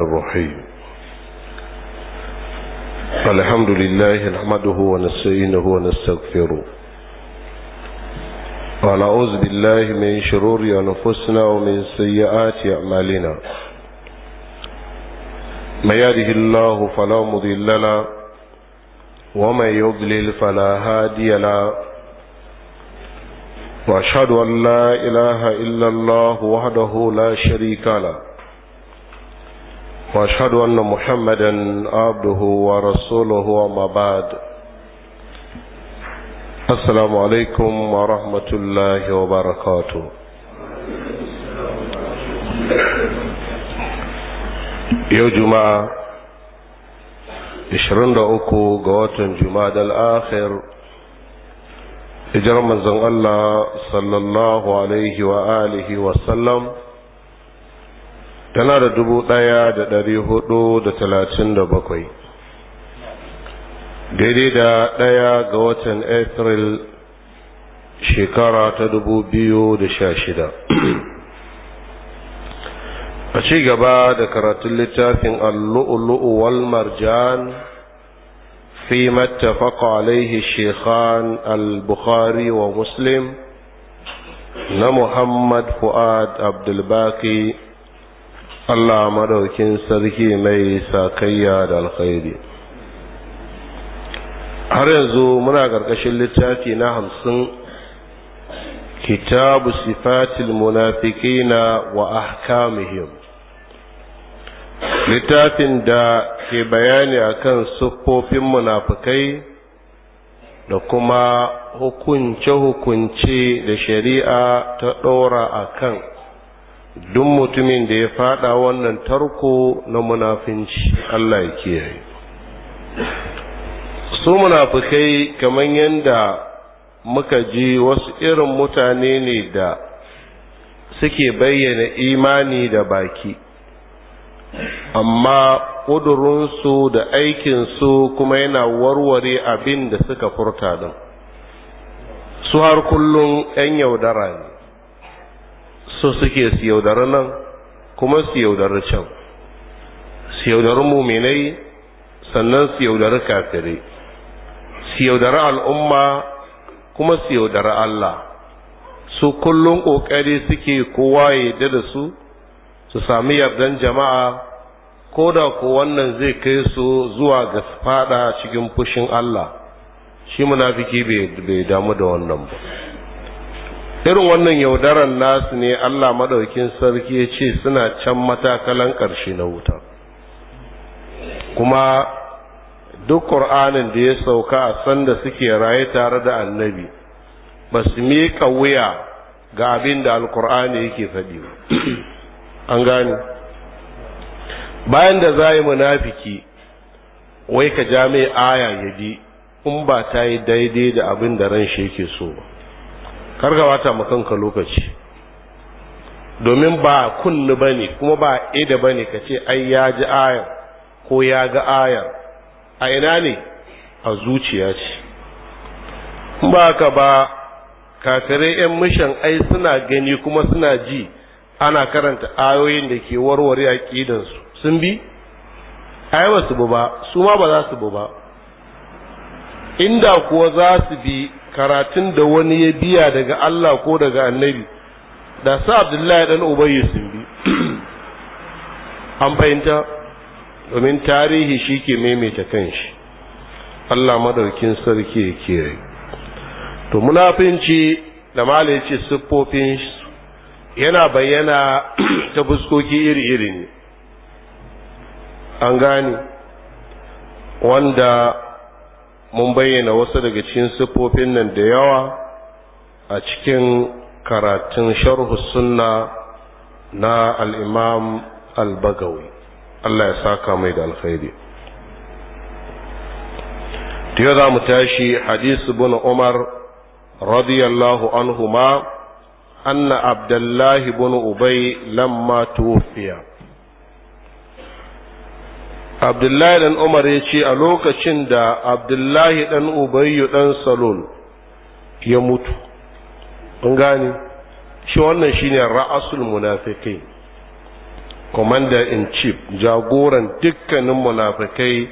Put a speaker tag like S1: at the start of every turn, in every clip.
S1: الرحيم الحمد لله نحمده ونستعينه ونستغفره ونعوذ بالله من شرور أنفسنا ومن سيئات أعمالنا ما يهده الله فلا مضل له ومن يضلل فلا هادي له وأشهد أن لا إله إلا الله وحده لا شريك له واشهد ان محمدا عبده ورسوله وما بعد السلام عليكم ورحمه الله وبركاته يا جماعه uku ga watan jumada al-akhir hijirar manzon Allah sallallahu alaihi wa alihi wa sallam tana da dubu ɗaya da ɗari hudu da talatin da bakwai daidai da ɗaya ga watan april shekara ta dubu biyu da sha shida a ci gaba da karatun littafin allu'ulu'u wal marjan fi mattafaqa alaihi shekhan al-bukhari wa muslim na muhammad fu'ad abdulbaki Allah madaukin sarki mai sakayya da alkhairi har yanzu muna ƙarƙashin littafi na hamsin kitabu sifatil munafikina wa ahkamihim littafin da ke bayani akan siffofin munafikai da kuma hukunce-hukunce da shari'a ta ɗora akan. kan duk mutumin da ya fada wannan tarko na munafinci Allah ya kiyaye su munafikai kamar yanda muka ji wasu irin mutane ne da suke bayyana imani da baki amma ƙudurinsu da aikinsu kuma yana warware abin da suka furta din su har kullum 'yan yaudara ne so suke su yaudari nan kuma su yaudari can su yaudari muminai sannan su yaudari kafirai su yaudari al'umma kuma su yaudari Allah su kullum ƙoƙari suke kowa ya da su su sami yardan jama'a ko da ku wannan zai kai su zuwa ga fada cikin fushin Allah shi munafiki bai damu da wannan ba irin wannan yaudaran nasu ne Allah maɗaukin sarki ya ce suna can matakalan ƙarshe na wuta kuma duk ƙur'anin da ya sauka a sanda suke raye tare da annabi ba su miƙa wuya ga abin da alƙur'ani yake faɗi ba an gane bayan da za yi munafiki wai ka ja mai aya ya in ba ta yi daidai da abin da ran shi yake so ba karga wata makanka lokaci domin ba kunni ba ne kuma ba ida ba ne ka ce ai ya ji ayar ko ya ga ayar a ina ne a zuciya ce ba ka ba kafirai 'yan mishan ai suna gani kuma suna ji ana karanta ayoyin da ke warware a ƙidansu sun bi ai ba su bu ba su ma ba za su bu ba inda kuwa za su bi karatun da wani ya biya daga Allah ko daga annabi da sa abdullahi dan ubayy sun bi an fahimta domin tarihi shi ke maimaita kanshi Allah madaukin sarki ya rai. to munafinci da malai ce siffofin yana bayyana ta fuskoki iri-iri ne an gane wanda mun bayyana wasu daga cikin siffofin nan da yawa a cikin karatun sharhu sunna na al'imam al-bagawi Allah ya saka mai da alkhairi tiyo za mu tashi hadisu bin umar radiyallahu anhu ma anna abdullahi bin ubai lamma tufiya abdullahi dan umar ya ce a lokacin da abdullahi dan ubayyu dan salon ya mutu an gane shi wannan shine ra'asul munafiqin commander in chief jagoran dukkanin munafikai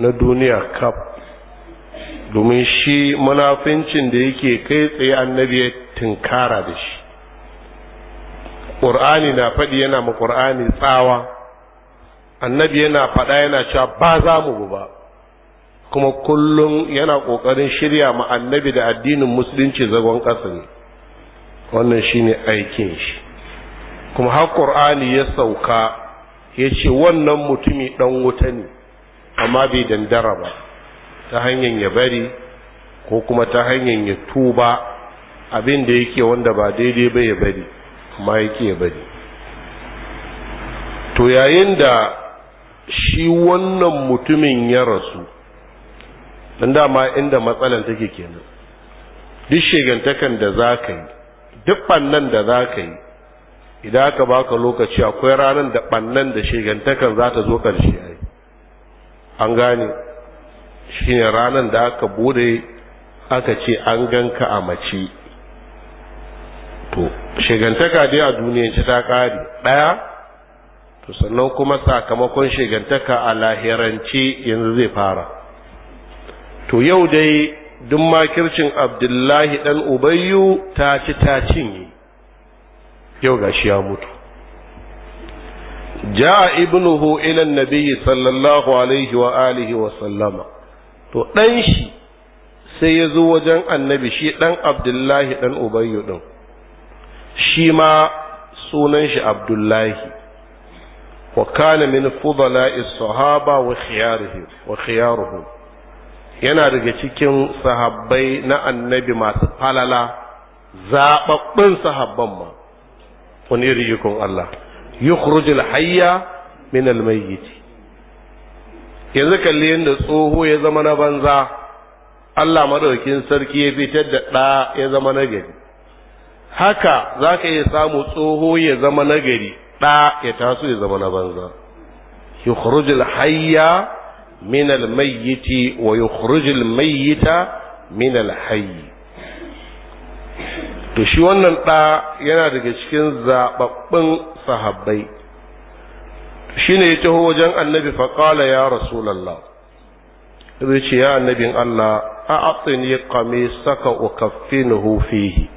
S1: na duniya kaf domin shi munafincin da yake kai tsaye annabi ya tunkara da shi ƙur'ani na faɗi yana ma ƙur'ani tsawa annabi yana faɗa yana cewa ba za mu ba kuma kullum yana ƙoƙarin shirya ma annabi da addinin musulunci zagon ƙasa ne wannan shi ne aikin shi kuma har ƙur'ani ya sauka ya ce wannan mutumi ɗan wuta ne amma bai dandara ba ta hanyar ya bari ko kuma ta hanyar ya tuba abin da yake wanda ba daidai ba ya bari amma yake ya bari to yayin da shi wannan mutumin ya rasu don dama inda matsalan take kenan duk shegantakan da za ka yi duk bannan da za ka yi idan aka baka lokaci akwai ranar da bannan da shegantakan za ta zo ƙarshe ai an gane shi ne ranar da aka bude aka ce an ganka a mace to shegantaka dai a duniyance ta kare ɗaya to sannan kuma sakamakon shigantaka a lahirance yanzu zai fara to yau dai duk makircin abdullahi dan ubayyu ta ci ta cinye yau gashi ya mutu Ja ibnuhu ila إلى sallallahu alaihi wa alihi wa sallama to dan shi sai ya zo wajen annabi shi dan abdullahi ɗan ubayyu ɗin shi ma sunan shi abdullahi وكان من فضلاء الصحابة وخياره وخياره yana daga cikin sahabbai na annabi masu falala zaɓaɓɓun sahabban ma wani iri yukun Allah yukhrujul hayya min almayyit yanzu kalli yadda tsoho ya zama na banza Allah madaukin sarki ya fitar da ɗa ya zama nagari haka za ka iya samu tsoho ya zama nagari ɗa ya taso ya zama na banza yukhrujul hayya min mayyiti wa yukhrujul mayyita min alhayy to shi wannan ɗa yana daga cikin zababbin sahabbai shine ya taho wajen annabi Faƙala, ya rasulullah zai ce ya annabin Allah a atsini qamisaka ukaffinuhu fihi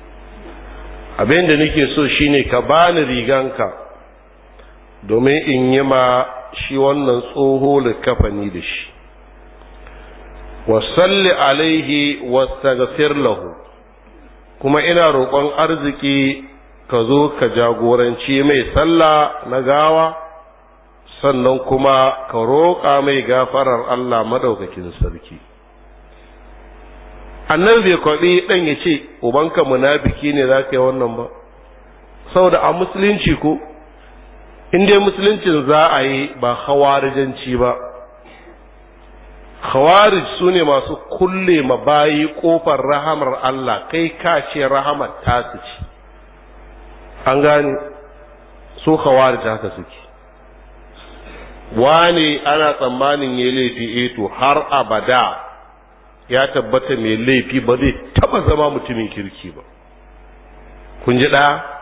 S1: abin da nake so shine ka bani riganka domin in yi ma shi wannan tsoho likafani da shi wasalli alaihi wastaghfir lahu kuma ina roƙon arziki ka zo ka jagoranci mai sallah na gawa sannan kuma ka roƙa mai gafarar Allah maɗaukakin sarki annan zai kwaɗi ɗan ya ce ubanka munafiki ne za ka yi wannan ba Sau da a musulunci ko in dai musuluncin za a yi ba hawarijanci ba khawarij sune masu kulle ma bayi kofar rahamar Allah kai ka ce rahamar tasu ce an gane su khawarij haka suke wane ana tsammanin ya laifi eh to har abada ya tabbata mai laifi ba zai taba zama mutumin kirki ba kun ji ɗaya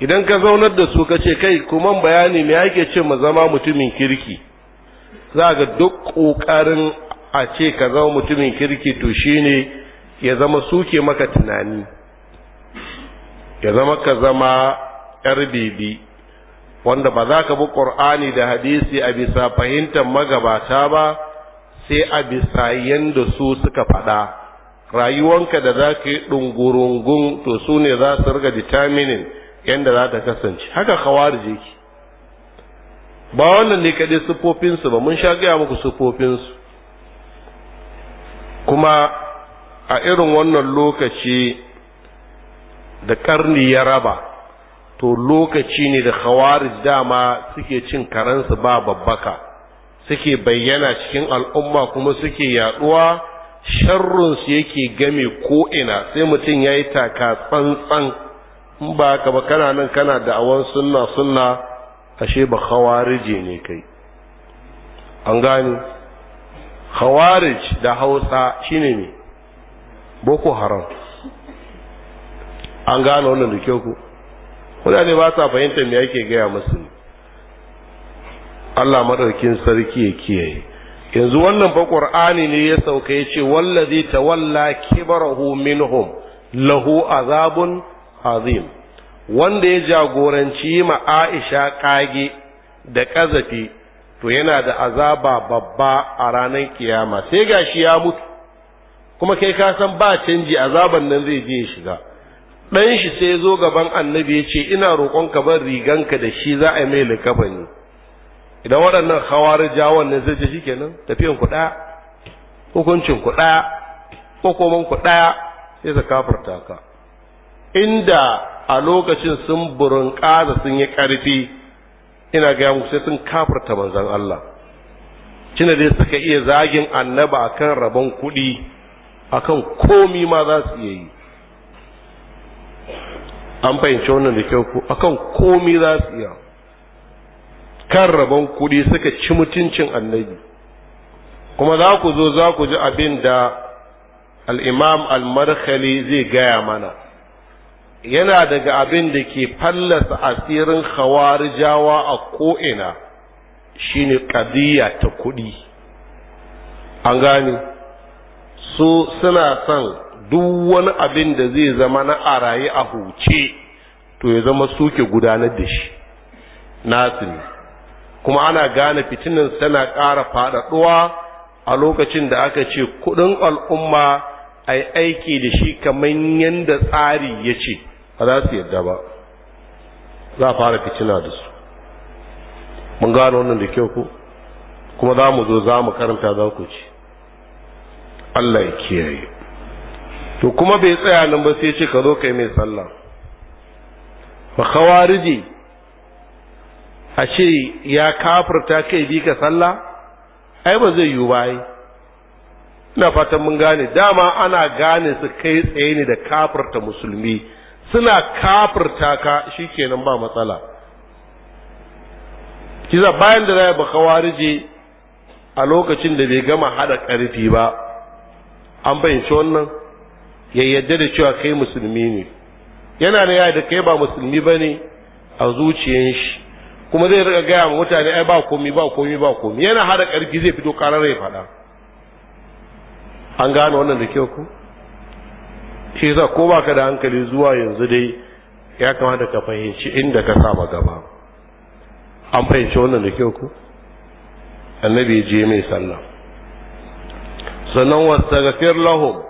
S1: idan ka zaunar da su ka ce kai kuma bayani me ake ce mu zama mutumin kirki za ga duk ƙoƙarin a ce ka zama mutumin kirki to shi ne ya zama suke maka tunani ya zama ka zama yar bibi wanda ba za ka bi ƙur'ani da hadisi a bisa fahimtar magabata ba sai a bisa yanda su suka faɗa rayuwanka da za ka yi ɗungurungun to su ne za su riga determining yanda za ta kasance haka khawarij yake ba wannan ne kadai siffofinsu ba mun sha gaya muku siffofinsu kuma a irin wannan lokaci da karni ya raba to lokaci ne da khawarij dama suke cin karansu ba babbaka suke bayyana cikin al'umma kuma suke yaduwa sharrunsu yake game ko'ina sai mutum ya yi taka tsantsan in ba ka ba kana nan kana da'awan sunna sunna ashe ba khawarije ne kai an gane khawarij da hausa shine ne boko haram an gane wannan da kyau ku ne ba sa fahimta me ake gaya musu Allah madaukin sarki ya kiyaye yanzu wannan fa qur'ani ne ya sauka yace wallazi tawalla kibarahu minhum lahu azabun azim wanda ya jagoranci ma Aisha kage da kazafi to yana da azaba babba a ranar kiyama sai gashi ya mutu kuma kai ka san ba canji azaban nan zai je shiga dan shi sai zo gaban annabi ya ce ina roƙon ka bar riganka da shi za a yi mai likafani idan waɗannan jawon ne zai je shikenan tafiyan ku ɗaya hukuncin ku ɗaya ko ku ɗaya sai ka kafarta ka inda a lokacin sun burin ƙasa sun yi ƙarfi ina gaya muku sai sun kafarta manzon Allah cina dai suka iya zagin annaba a kan rabon kuɗi a kan komi ma za su iya yi an fahimci wannan da kyau ko kan komi za su iya kan rabon kuɗi suka ci mutuncin annabi kuma za ku zo za ku ji abin da al'imam al-markhali zai gaya mana yana daga abin da ke fallasa asirin khawarijawa a ko'ina shine kadiyya ta kuɗi an gane su suna son duk wani abin da zai zama na a a huce to ya zama suke gudanar da shi nasu ne kuma ana gane fitinin tana ƙara faɗaɗuwa a lokacin da aka ce kuɗin al'umma a yi aiki da shi kamar yadda tsari ya ce ba za su yadda ba za a fara fitina da su mun gano wannan da kyau ku kuma za mu zo za mu karanta za ku ci Allah ya kiyaye to kuma bai tsaya nan ba sai ce ka zo kai mai sallah fa khawariji a ce ya kafirta kai bi ka sallah ai ba zai yiwu ba ai ina fatan mun gane dama ana gane su kai tsaye ne da kafirta musulmi suna kafirta ka kenan ba matsala kiza bayan da zai baka warije a lokacin da bai gama hada karfi ba an bayyance wannan ya yadda da cewa kai musulmi ne yana da da kai ba musulmi ba ne a zuciyan shi kuma zai riga gaya ma mutane ai ba komi ba komi ba komi yana hada karfi zai fito karar ya faɗa an gane wannan da kyau ku shi za ko baka da hankali zuwa yanzu dai ya kamata ka fahimci inda ka saba gaba an fahimci wannan da kyau ku annabi je mai sallah sannan wastaghfir lahum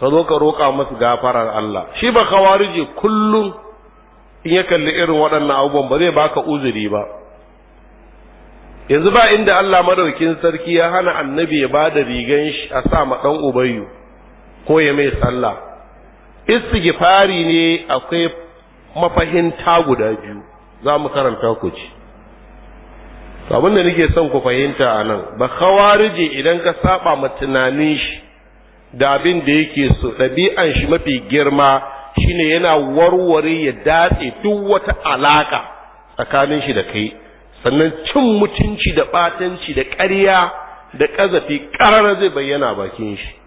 S1: ka zo ka roƙa masu gafarar Allah shi ba kawarije kullum in ya kalli irin waɗannan abubuwan ba zai baka uzuri ba yanzu ba inda Allah madaukin sarki ya hana annabi ya ba da rigan shi a sa ma ɗan ubayyu ko ya mai sallah istighfari ne akwai mafahimta guda biyu za mu karanta ku ci abin da nake son ku fahimta a nan ba khawarije idan ka saba ma tunanin shi da abin da yake so ɗabi'an shi mafi girma shine yana warware ya datse duk wata alaka tsakanin shi da kai sannan cin mutunci da batanci da ƙarya da ƙazafi ƙarar zai bayyana bakin shi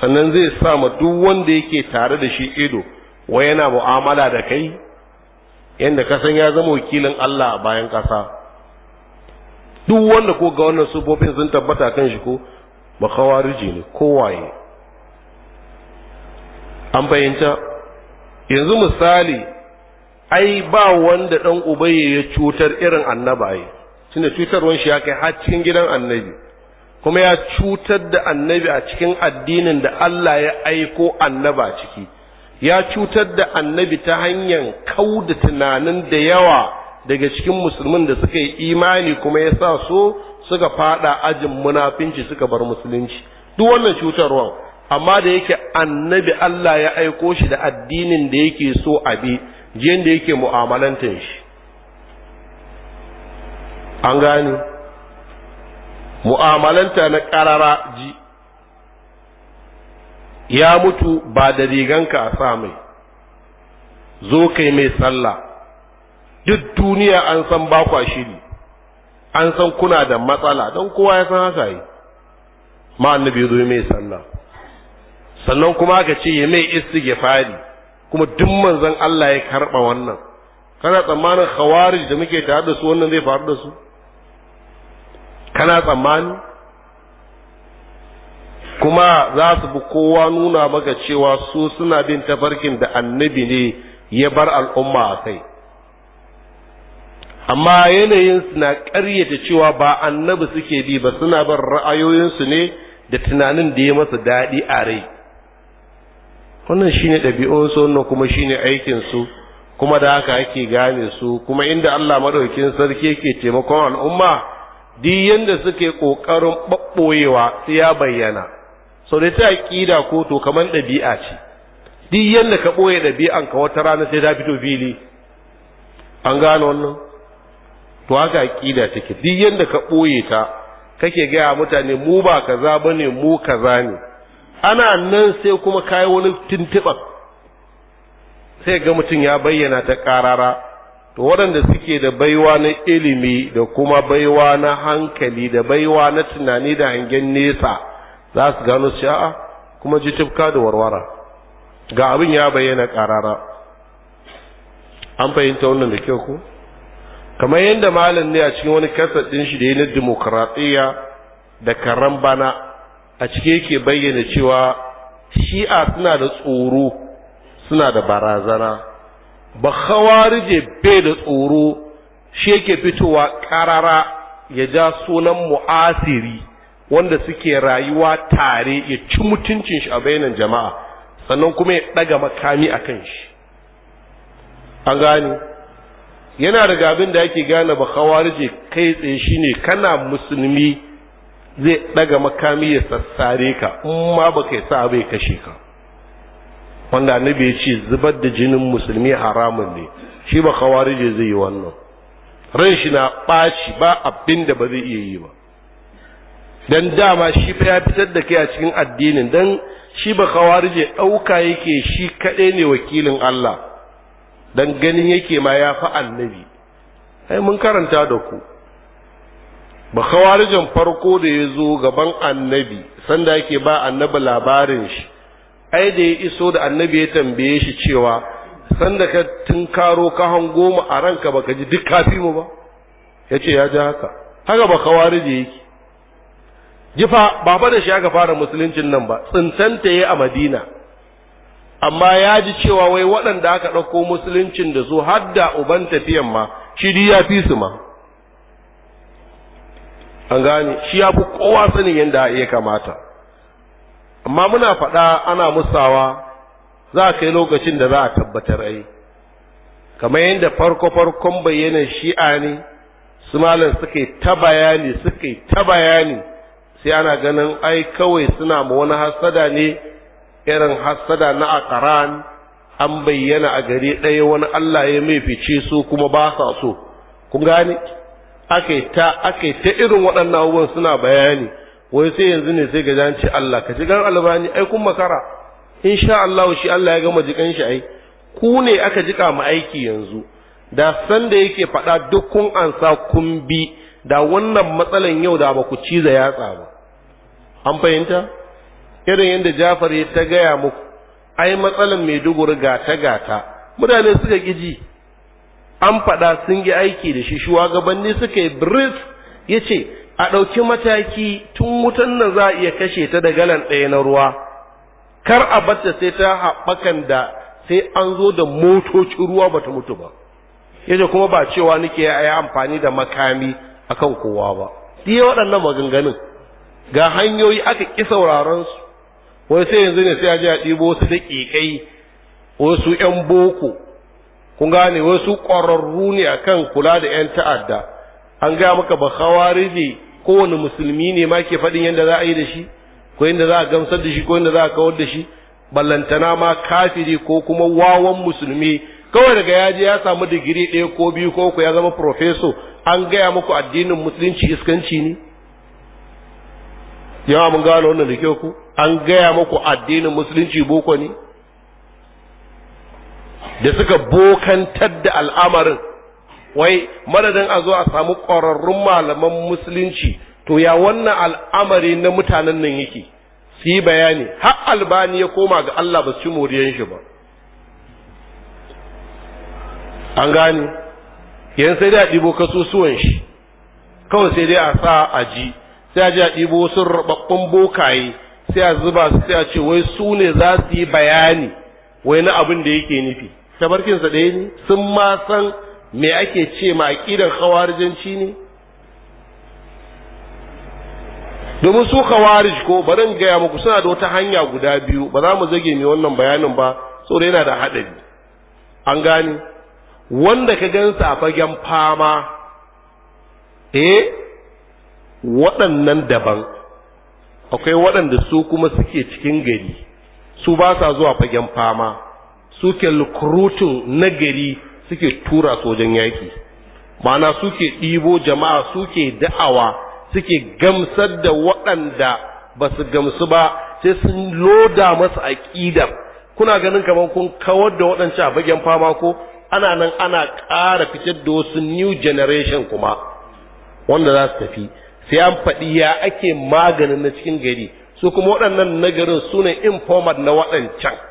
S1: sannan zai sa ma duk wanda yake tare da shi ido wai yana mu'amala da kai yanda ka san ya zama wakilin Allah a bayan kasa. duk wanda ko ga wannan sufofin sun tabbata kan shi ko makawariji ne kowaye an fahimta yanzu misali ai ba wanda dan Uba ya cutar irin annaba tunda cutarwan shi ya kai har cikin gidan annabi kuma ya cutar da annabi a cikin addinin da Allah ya aiko annaba ciki ya cutar da annabi ta hanyar kauda tunanin da yawa daga cikin musulmin da suka yi imani kuma ya sa so suka fada ajin munafinci suka bar musulunci duk wannan cutarwa amma da yake annabi Allah ya aiko shi da addinin da yake so a bi jiyan da yake mu'amalantar shi an gane mu'amalanta na ƙarara ji ya mutu ba da riganka a sa mai zo kai mai sallah duk duniya an san ba kwa shiri an san kuna da matsala don kowa ya san haka yi ma annabi zo mai sallah sannan kuma aka ce ya mai fari kuma duk manzon Allah ya karba wannan kana tsammanin khawarij da muke tare da su wannan zai faru da su kana tsammani kuma za su bi kowa nuna maka cewa su suna bin tafarkin da annabi ne ya bar al'umma a kai amma yanayinsu na ƙaryata cewa ba annabi suke bi ba suna bin ra'ayoyinsu ne da tunanin da ya masa daɗi a rai wannan shine ɗabi'unsu wannan kuma shine aikinsu kuma da haka ake gane su kuma inda allah maɗaukin sarki yake taimakon al'umma di yanda suke kokarin babboyewa sai ya bayyana sau da ta aqida ko to kaman ɗabi'a ce di yanda ka boye ɗabi'an ka wata rana sai ta fito fili an gano wannan to haka aqida take di yanda ka boye ta kake gaya mutane mu ba kaza bane mu kaza ne ana nan sai kuma kai wani tuntuɓar sai ga mutum ya bayyana ta ƙarara to waɗanda suke da baiwa na ilimi da kuma baiwa na hankali da baiwa na tunani da hangen nesa za su gano su a'a kuma ji tufka da warwara ga abin ya bayyana ƙarara an fahimta wannan da kyau ko kamar yadda malam ne a cikin wani kasadin ɗin shi da yi na dimokuraɗiyya da karan bana a cike yake bayyana cewa shi'a suna da tsoro suna da barazana ba khawarije bai da tsoro shi yake fitowa karara ya ja sunan mu'asiri wanda suke rayuwa tare ya ci mutuncin shi a bainan jama'a sannan kuma ya daga makami a kan shi an gane yana daga abin da yake gane ba khawarije kai tsaye shine kana musulmi zai daga makami ya sassare ka in ma ba kai sa bai kashe ka wanda annabi ya ce zubar da jinin musulmi haramun ne shi ba kawarije zai yi wannan ran shi na ɓaci ba abin da ba zai iya yi ba dan dama shi fa ya fitar da kai a cikin addinin dan shi ba kawarije ɗauka yake shi kaɗai ne wakilin Allah dan ganin yake ma ya fi annabi mun karanta da ku ba kawarijin farko da ya zo gaban annabi sanda yake ba annabi labarin shi ai da ya iso da annabi ya tambaye shi cewa sanda ka karo ka hango mu a ranka baka ji duk kafi mu ba Ya ce ya ji haka haka ba ka da yake jifa ba fa da shi aka fara musuluncin nan ba tsintanta ya a Madina amma ya ji cewa wai waɗanda aka ɗauko musuluncin da su har da uban tafiyan ma shi ya fi su ma an gane shi ya fi kowa sanin yadda ya kamata amma muna faɗa ana musawa za ka yi lokacin da za a tabbatar ai kamar yadda farko-farkon bayyanar shi'a ne su malam suka yi ta bayani suka yi ta bayani sai ana ganin ai kawai suna ma wani hassada ne irin hassada na akaran an bayyana a gari ɗaya wani Allah ya mai fice su kuma ba sa so kun gane ake ta ta irin waɗannan abubuwan suna bayani wai sai yanzu ne sai ga ce Allah ka ji gan albani ai kun makara insha Allah shi Allah ya gama jikan shi ai ku ne aka jika mu aiki yanzu da san da yake faɗa duk kun ansa kun bi da wannan matsalan yau da ba ku ciza yatsa ba an fahimta irin yadda Jafar ya ta gaya muku ai matsalan Maiduguri gata gata mutane suka giji an faɗa sun yi aiki da shi shuwagabanni suka yi bris ya ce a ɗauki mataki tun wutan nan za a iya kashe ta da galan ɗaya na ruwa kar a bata sai ta haɓakan da sai an zo da motocin ruwa ba ta mutu ba yadda kuma ba cewa nake ya yi amfani da makami a kan kowa ba ya waɗannan maganganun ga hanyoyi aka ƙi sauraron su wai sai yanzu ne sai a je a ɗibo wasu ƙiƙai wasu ƴan boko kun gane wasu ƙwararru ne akan kula da ƴan ta'adda an gaya maka ba khawariji kowane musulmi ne ma ke faɗin yadda za a yi da shi ko yadda za a gamsar da shi ko yadda za a kawar da shi ballantana ma kafiri ko kuma wawan musulmi kawai daga ya je ya samu digiri ɗaya ko biyu ko ku ya zama profeso an gaya muku addinin musulunci iskanci ne yawa mun gano wannan da kyau ku an gaya muku addinin musulunci boko ne da suka bokantar da al'amarin wai madadin a zo a samu ƙwararrun malaman musulunci to ya wannan al'amari na mutanen nan yake su yi bayani har albani ya koma ga Allah ba su ci moriyan shi ba an gane yan sai dai a ɗibo kasusuwan shi kawai sai dai a sa a ji sai a ji a ɗibo wasu rababbun bokaye sai a zuba su sai a ce wai su ne za su yi bayani wai na abin da yake nufi tabarkinsa ɗaya ne sun ma san me ake ce ma aƙidar khawarijanci ne domin su khawarij ko bari in gaya muku suna da wata hanya guda biyu ba za mu zage mai wannan bayanin ba saboda yana da haɗari an gane wanda ka gansa a fagen fama eh waɗannan daban akwai waɗanda su kuma suke cikin gari su ba sa zuwa fagen fama suke ke lukurutun na gari suke tura sojan wajen mana ma'ana suke ɗibo jama'a suke da'awa suke gamsar da waɗanda ba su gamsu ba sai sun loda masu aƙidar kuna ganin kamar kun kawar da waɗancan a bagen fama ko ana nan ana ƙara fitar da wasu new generation kuma wanda za su tafi sai an faɗi ya ake maganin na cikin gari su kuma waɗannan nagarin garin su informat na waɗancan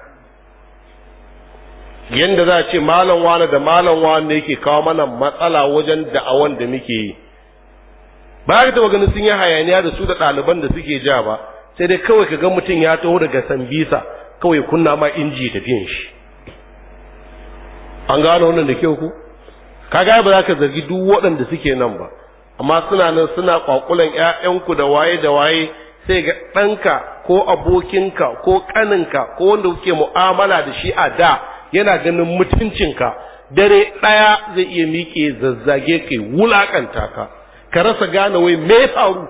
S1: yanda za a ce malam wane da malam wane yake kawo mana matsala wajen da'awan da muke yi ba ka taba ganin sun yi hayaniya da su da ɗaliban da suke ja ba sai dai kawai ka ga mutum ya taho daga sambisa kawai kunna ma inji tafiyan shi an gano wannan da kyau ku Ka gaya ba za ka zargi duk waɗanda suke nan ba amma suna nan suna kwakulan ƴaƴanku da waye da waye sai ga ɗanka ko abokinka ko ƙaninka ko wanda kuke mu'amala da shi a da yana ganin mutuncinka dare ɗaya zai iya miƙe zazzage kai wulaƙanta ka ka rasa gane wai mai faru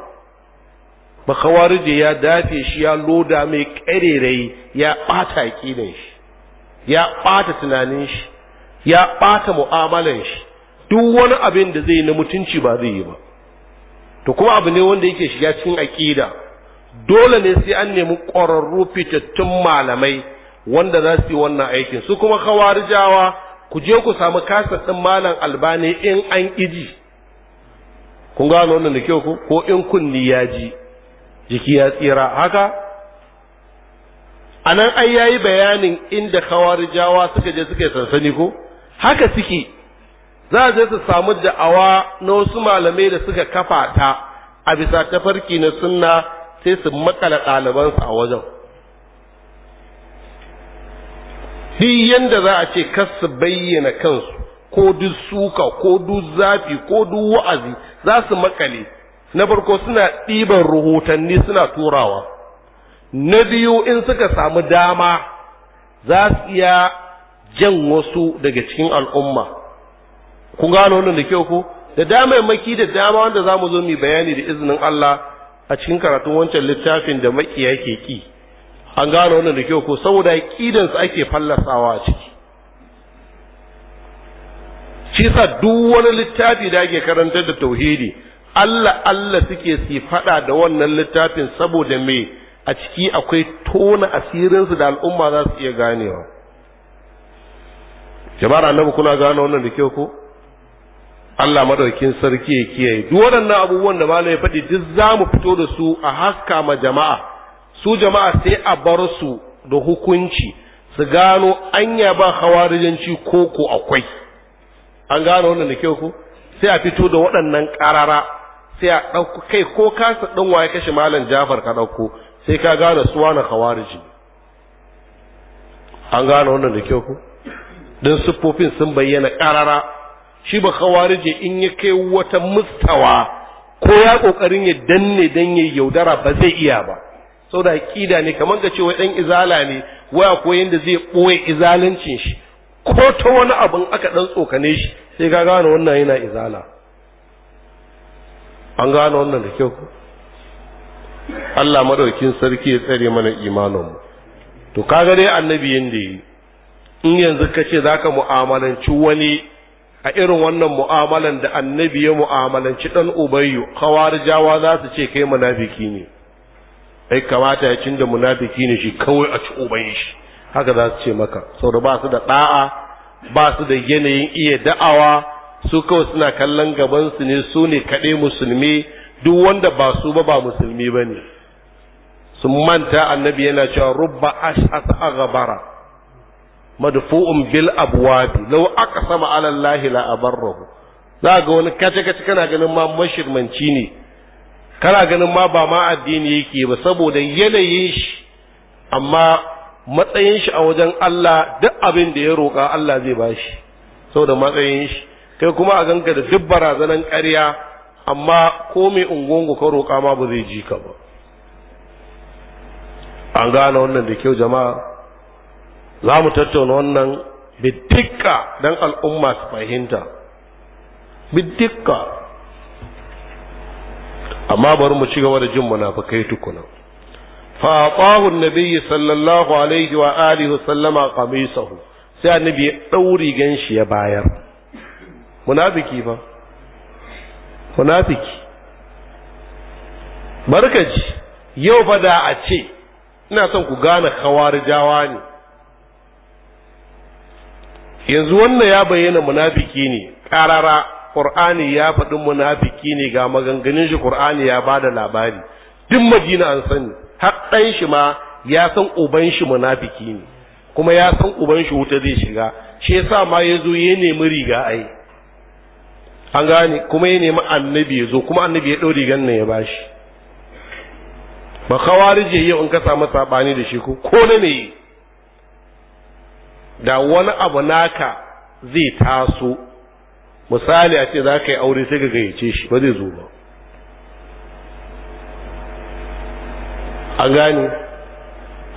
S1: ba kawarije ya dafe shi ya loda mai ƙarerai ya ɓata ƙinan shi ya ɓata tunanin shi ya ɓata mu'amalan shi duk wani abin da zai na mutunci ba zai yi ba to kuma abu ne wanda yake shiga cikin aƙida dole ne sai an nemi ƙwararru fitattun malamai wanda za su yi wannan aikin su kuma khawarijawa ku je ku samu kasar ɗin malam albani in an iji kun gano wannan da kyau ko in kunni ya ji jiki ya tsira haka a nan ai yayi bayanin inda khawarijawa suka je suka sansani ko haka suke za a je su samu da'awa na wasu malamai da suka kafa ta a bisa tafarki na sunna sai su makala ɗalibansu a wajen duk yanda za a ce kar su bayyana kansu ko duk suka ko duk zafi ko duk wa'azi za su makale na farko suna ɗiban rahotanni suna turawa na biyu in suka samu dama za su iya jan wasu daga cikin al'umma Ku gano wannan da kyau ko da dama maki da dama wanda za mu zo mu bayani da izinin Allah a cikin karatun wancan littafin da makiya ke ki an gano wannan da kyau ko saboda su ake fallasawa a ciki shi sa duk wani littafi da ake karantar da tauhidi Allah Allah suke si faɗa da wannan littafin saboda me a ciki akwai tona asirin su da al'umma za su iya ganewa jama'ar annabi kuna gane wannan da kyau ko Allah madaukin sarki ya kiyaye duk waɗannan abubuwan da malai faɗi duk za mu fito da su a haska ma jama'a su jama'a sai a bar su da hukunci su gano anya ba hawarijanci ko ko akwai an gano wannan da kyau ku sai a fito da waɗannan ƙarara sai a ɗauko kai ko kasa ɗin waye kashe malam jafar ka ɗauko sai ka gane su wani hawariji an gano wannan da kyau ku don siffofin sun bayyana ƙarara shi ba hawariji in ya kai wata mustawa ko ya ƙoƙarin ya danne dan ya yaudara ba zai iya ba saboda aqida ne kamar ga cewa dan izala ne waya ko yanda zai boye izalancin shi ko ta wani abin aka dan tsokane shi sai ka gane wannan yana izala an gane wannan da kyau Allah madaukin sarki ya tsare mana mu to kaga dai annabi yanda yi in yanzu ka ce za ka mu'amalanci wani a irin wannan mu'amalan da annabi ya mu'amalanci ɗan ubayyu kawar jawa za su ce kai munafiki ne ai kamata ya cinda munafiki ne shi kawai a ci uban shi haka za su ce maka saboda ba su da da'a ba su da yanayin iya da'awa su kawai suna kallon gaban su ne su ne kaɗai musulmi duk wanda ba su ba ba musulmi ba ne sun manta annabi yana cewa rubba ashas gabara madfu'un bil abwabi law aqsama ala allahi la abarrahu za ga wani kace kace kana ganin ma mashirmanci ne kana ganin ma ba ma addini yake ba saboda yanayin shi amma matsayin shi a wajen Allah duk abin da ya roƙa Allah zai ba shi saboda matsayin shi kai kuma a ganga da duk barazanan ƙarya amma ko mai ungungu ka roƙa ma ba zai ji ka ba an gane wannan da kyau jama'a za mu tattauna wannan bidikka don al'umma su fahimta bidikka amma bari mu ci gaba da jin munafikai tukuna fa atahu annabi sallallahu alaihi wa alihi sallama qamisahu sai annabi ya dauri ganshi ya bayar munafiki ba munafiki barkaji yau fa da a ce ina son ku gane khawarijawa ne yanzu wannan ya bayyana munafiki ne ƙarara. qur'ani ya faɗi munafiki ne ga maganganun shi qur'ani ya bada labari duk madina an sani har ɗan shi ma ya san uban shi munafiki ne kuma ya san uban shi wuta zai shiga shi yasa ma ya zo ya nemi riga ai an gane kuma ya nemi annabi ya zo kuma annabi ya ɗau rigan nan ya bashi ba kawarije yau in ka samu saɓani da shi ko ko na ne da wani abu naka zai taso misali a ce za ka yi aure sai ka gayyace shi ba zai zo ba an gane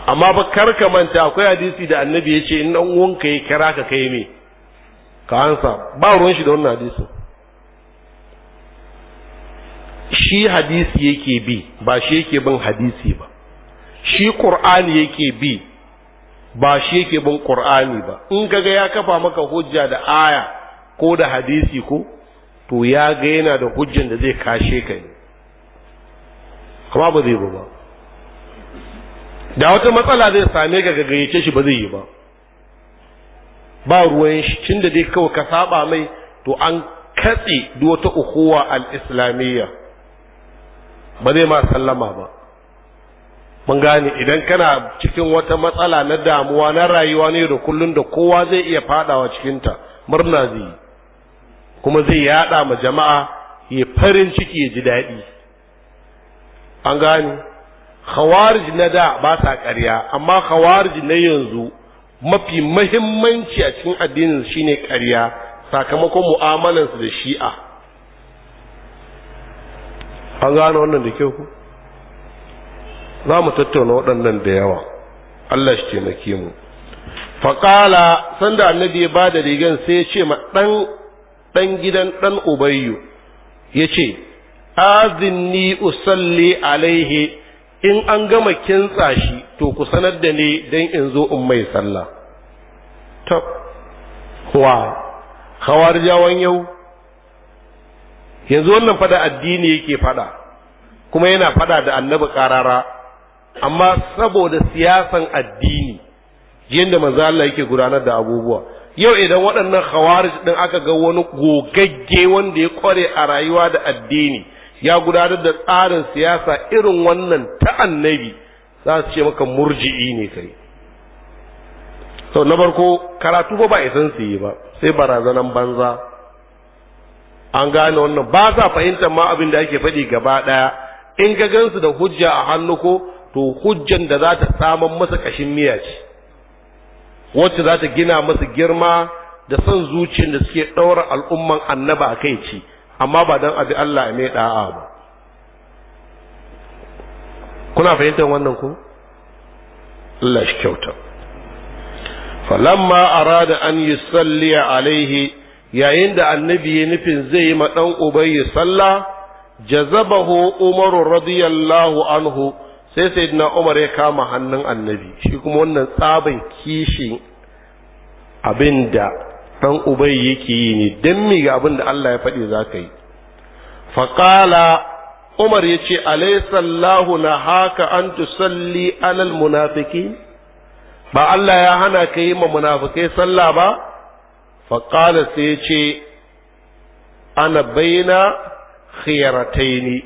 S1: amma ba karka manta akwai hadisi da annabi ya ce in uwanka ya kira ka kai me ka ansa ba ruwan shi da wannan hadisi shi hadisi yake bi ba shi yake bin hadisi ba shi qur'ani yake bi ba shi yake bin qur'ani ba in kaga ya kafa maka hujja da aya ko da hadisi ko to ya ga yana da hujjan da zai kashe ka ne kuma ba zai ba da wata matsala zai same ka ga gayyace shi ba zai yi ba ba ruwan shi tun da dai kawai ka saba mai to an katse duk wata ukuwa al ba zai ma sallama ba mun gane idan kana cikin wata matsala na damuwa na rayuwa ne da kullun da kowa zai iya fadawa cikinta murna zai yi kuma zai yada ma jama'a ya farin ciki ya ji daɗi an gane khawarij na da ba sa ƙarya amma khawarij na yanzu mafi mahimmanci a cikin addinin shine ƙarya sakamakon mu'amalansu da shi'a an gane wannan da kyau za mu tattauna waɗannan da yawa Allah shi taimake mu faƙala sanda annabi ya ba da rigan sai ya ce ma ɗan ɗan gidan ɗan ubayyu ya ce azinni usalli alaihi in an gama kintsa shi to ku sanar da ni don in zo in mai sallah ta wa jawon yau yanzu wannan fada addini yake fada kuma yana fada da annabi karara amma saboda siyasan addini yadda manzo Allah yake gudanar da abubuwa yau idan waɗannan khawarij ɗin aka ga wani gogagge wanda ya kware a rayuwa da addini ya gudanar da tsarin siyasa irin wannan ta annabi za su ce maka murji'i ne kai To na farko karatu ba ba isan su yi ba sai barazanan banza an gane wannan ba sa fahimtar ma abin da ake faɗi gaba ɗaya in ka gansu da hujja a hannu ko to hujjan da za ta saman masa ƙashin miya ce wacce za ta gina masa girma da son zuciyar da suke ɗaura al'umman annaba a kai ci amma ba don abi Allah mai ɗa'a ba kuna fahimtar wannan ku Allah shi kyauta falamma arada an yi salliya alaihi yayin da annabi ya nufin zai yi ma ɗan ubayi sallah jazabahu umaru radiyallahu anhu sai sayyidina umar ya kama hannun annabi shi kuma wannan tsaban kishi. abinda dan ubai yake yi ne dan mi ga abin Allah ya faɗi za ka yi faƙala umar ya ce alaisallahu na haka an tusalli alal munafiki ba Allah ya hana ka yi ma munafikai sallah ba faƙala sai ya ce ana baina khiyarataini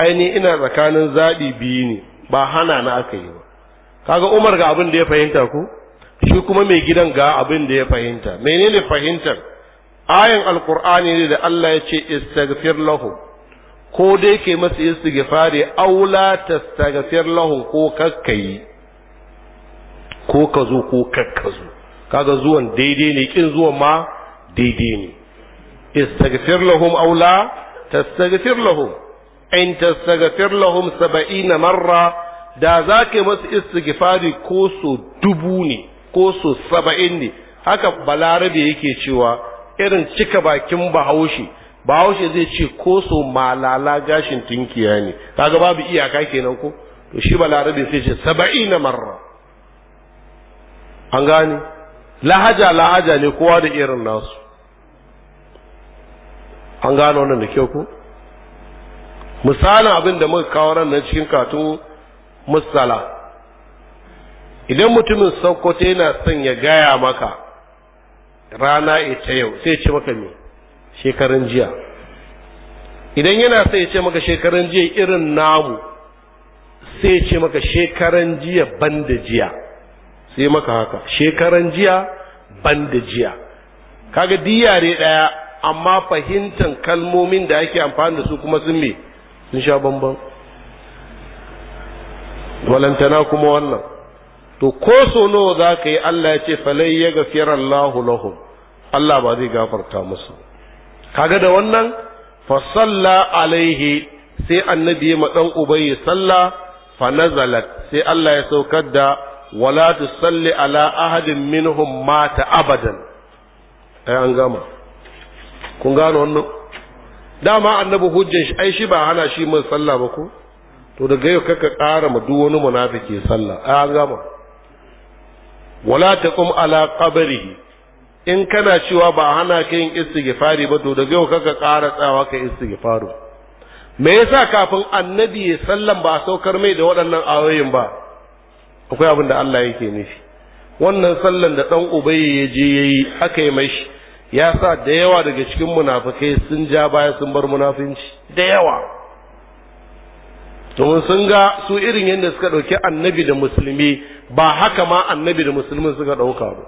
S1: aini ina tsakanin zaɓi biyu ne ba hana na aka yi ba kaga umar ga abin da ya fahimta ku? shi kuma mai gidan ga abin da ya fahimta menene fahimtar ayan alqur'ani ne da Allah ya ce istaghfir lahum ko dai kai masa istighfari aula tastaghfir lahum ko kakkai ko ka zo ko kakkazo kaga zuwan daidai ne kin zuwan ma daidai ne istaghfir lahum aula tastaghfir lahum in tastaghfir lahum 70 marra da zaka masu istighfari ko so dubu ne ko so 70 ne haka balarabe yake cewa irin cika bakin bahaushe bahaushe zai ce ko so malala gashin tinkiya ne kaga babu iyaka kenan ko to shi balarabe sai ce 70 marra an gane lahaja lahaja ne kowa da irin nasu an gano nan da kyau ko misalin abin da muka kawo ran nan cikin katun musala idan mutumin sokoto yana son ya gaya maka rana ita yau sai ce maka me shekarun jiya idan yana sai ya ce maka shekarun jiya irin namu sai ce maka shekaran jiya ban da jiya sai maka haka shekaran jiya ban da jiya kaga diyare daya amma fahimtar kalmomin da ake amfani da su kuma sun me sun sha bamban walantana kuma wannan to ko so nawa za ka yi Allah ya ce falai ya gafiyar Allahu lahum Allah ba zai gafarta musu kaga da wannan fasalla alaihi sai annabi ya madan ya salla fa nazalat sai Allah ya saukar da wala salli ala ahadin minhum mata abadan ai an gama kun gano wannan dama annabi hujjan shi ai shi ba hana shi mun sallah ba ko to daga yau kaka ƙara ma duk wani munafiki sallah an gama wala taqum ala qabrihi in kana cewa ba hana ka yin istighfari ba to daga yau kaka ƙara tsawa ka istighfaru me yasa kafin annabi ya sallan ba saukar mai da waɗannan ayoyin ba akwai abin da Allah yake nufi wannan sallan da dan Uba ya je yayi aka yi shi. ya sa da yawa daga cikin munafikai sun ja baya sun bar munafinci da yawa domin sun ga su irin yadda suka ɗauki annabi da musulmi ba haka ma annabi da musulmin suka ɗauka ba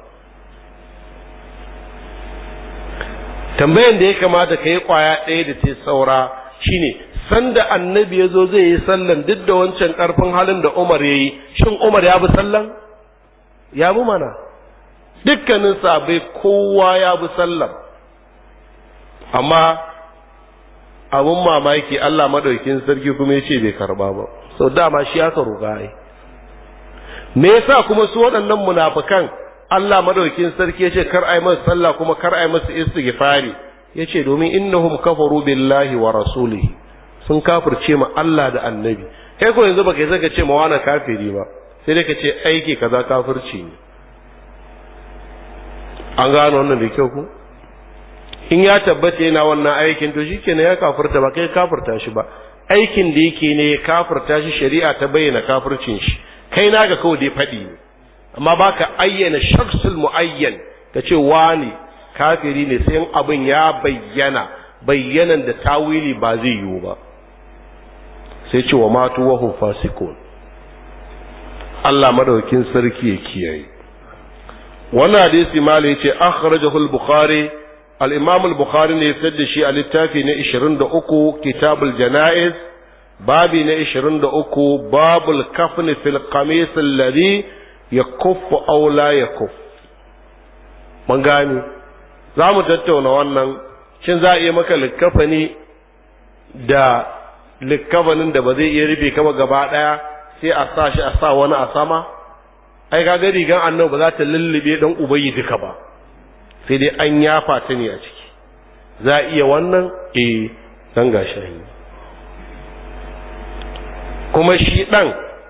S1: tambayan da ya kamata ka yi ƙwaya ɗaya da ta saura shine sanda annabi ya zo zai yi sallan duk da wancan ƙarfin halin da umar ya yi shin umar ya bi sallan ya bi mana dukkanin sabai kowa ya bi sallar amma abin mamaki Allah madaukin sarki kuma yace bai karba ba sau dama shi ya karu ai me yasa kuma su waɗannan munafikan Allah madaukin sarki yace kar ai musu sallah kuma kar ai masa istighfari yace domin innahum kafaru billahi wa rasulihi sun kafirce ma Allah da annabi kai ko yanzu baka yi zaka ce ma wani kafiri ba sai dai ka ce aiki kaza kafirci ne an gano wannan da kyau ku in ya tabbata yana wannan aikin to shi kenan ya kafirta ba kai kafirta shi ba aikin da yake ne ya kafirta shi shari'a ta bayyana kafircin shi kai na ga kawai dai faɗi ne amma ba ka ayyana shaksul muayyan ka ce wani kafiri ne sai abin ya bayyana bayyanan da tawili ba zai yiwu ba sai ce wa matu wahun fasikun Allah madaukin sarki ya kiyaye wannan hadisi mala yace akhrajahu al-bukhari al-imam al-bukhari ne fitar da shi a littafi na 23 kitabul janaiz babi na 23 babul kafn fil qamis alladhi yakuffu aw la yakuff mun gane za mu tattauna wannan shin za a iya maka likkafani da likkafanin da ba zai iya rufe kama gaba daya sai a sa shi a sa wani a sama ai ga rigan annabi ba za ta lullube dan ubayi duka ba sai dai an yafa ta ne a ciki za a iya wannan eh dan gashi an kuma shi dan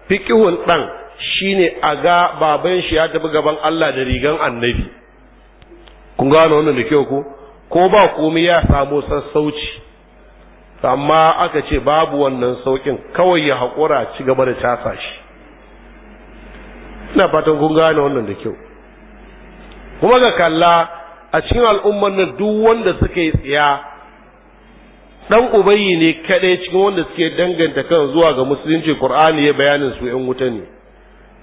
S1: fiqihun dan shine a ga baban shi ya tafi gaban Allah da rigan annabi kun gano wannan da kyau ko ko ba komai ya samu sassauci amma aka ce babu wannan saukin kawai ya haƙura ci gaba da tasashi. shi ina fatan kun gane wannan da kyau kuma ga kalla a cikin al'ummar nan duk wanda suka yi tsiya dan ubayi ne kadai cikin wanda suke danganta kan zuwa ga musulunci qur'ani ya bayanin su yan wuta ne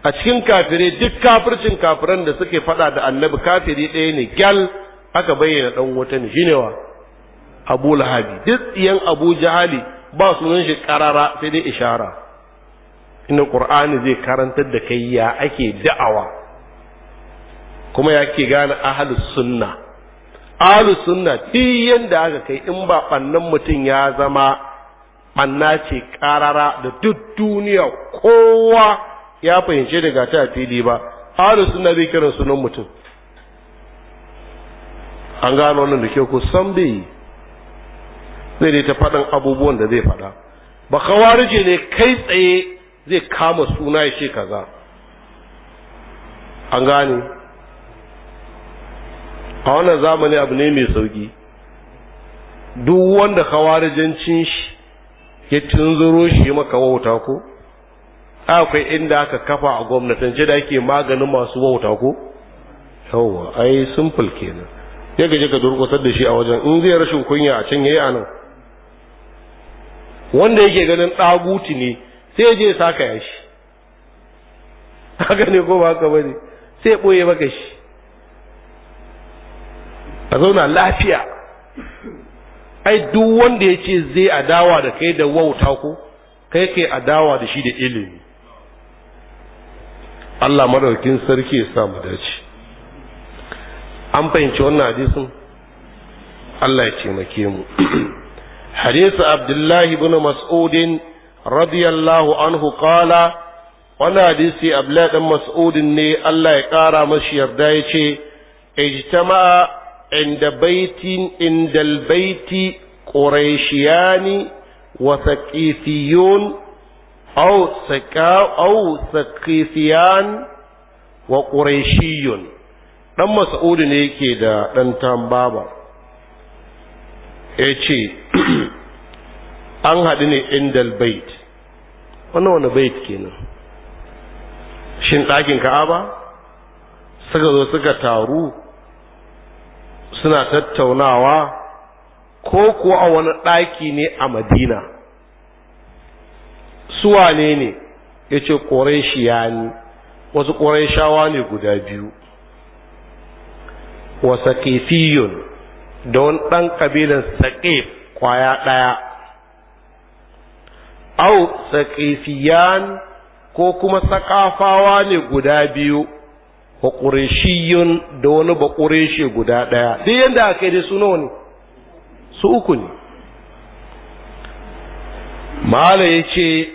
S1: a cikin kafire duk kafircin kafiran da suke fada da annabi kafiri ɗaya ne gyal aka bayyana dan wuta ne shine wa abu lahabi duk tsiyan abu jahali ba sunan shi karara sai dai ishara inda ƙur'ani zai karantar da kai ya ake da'awa kuma ya ke gane ahalus sunna ahalus sunna ti yanda aka kai in ba bannan mutum ya zama ɓanna ce ƙarara da duk duniya kowa ya fahimci daga ta fili ba ahalus sunna zai kiran sunan mutum an gano wannan da ke ko san bai zai ta faɗin abubuwan da zai faɗa ba kawarije ne kai tsaye zai kama suna ya ce kaza an gane a wannan zamani abu ne mai sauki duk wanda kawarijancin shi ya tunzuro shi maka wauta ko akwai inda aka kafa a gwamnatin da ake maganin masu wauta ko yawwa ai simple kenan ya gaje ka durkusar da shi a wajen in zai rashin kunya a can yayi anan wanda yake ganin ɗaguti ne sai je saka ya shi haka ne ko ba haka bane sai boye maka shi a zauna lafiya ai duk wanda ya ce zai adawa da kai da wauta ko kai kai adawa da shi da ilimi Allah madaukin sarki ya sa mu dace an fahimci wannan hadisin Allah ya taimake mu hadisi Abdullahi ibn Mas'udin radiyallahu anhu qala wannan hadisi abla dan mas'udin ne Allah ya kara mashi yarda yace ijtama'a inda baitin indal baiti quraishiyani wa thaqifiyun aw saqa aw thaqifiyan wa quraishiyun dan mas'udi ne yake da dan tambaba yace an haɗu ne indal bait wannan wani bait kenan shin ɗakin ka'aba suka zo suka taru suna tattaunawa ko kuwa a wani ɗaki ne a madina suwane ne ya ce ƙorashiya ne wasu shawa ne guda biyu wasa kefiyun da wani ɗan ƙabilan saƙe ƙwaya ɗaya au saƙifiyan ko kuma sakafawa ne guda biyu baƙureshiyun da wani baƙureshe guda ɗaya duk yadda aka yi su nawa ne su uku ne mala ya ce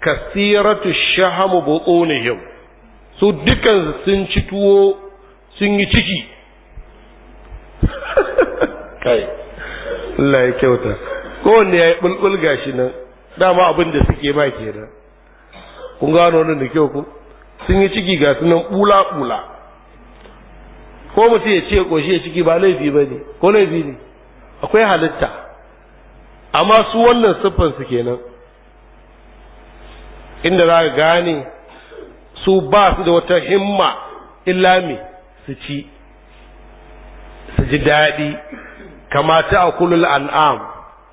S1: kasiratu shahamu butunihim su dukan sun ci tuwo sun yi ciki kai Allah ya kyauta kowanne ya yi bulbul gashi nan dama abin da suke ba kenan kun gano wannan da kyau ku sun yi ciki ga sunan bula bula ko mutum ya ce koshi ya ciki ba laifi ba ne ko laifi ne akwai halitta amma su wannan siffan su kenan inda za ka gane su ba su da wata himma illami su ci su ji daɗi kamata a kulul an'am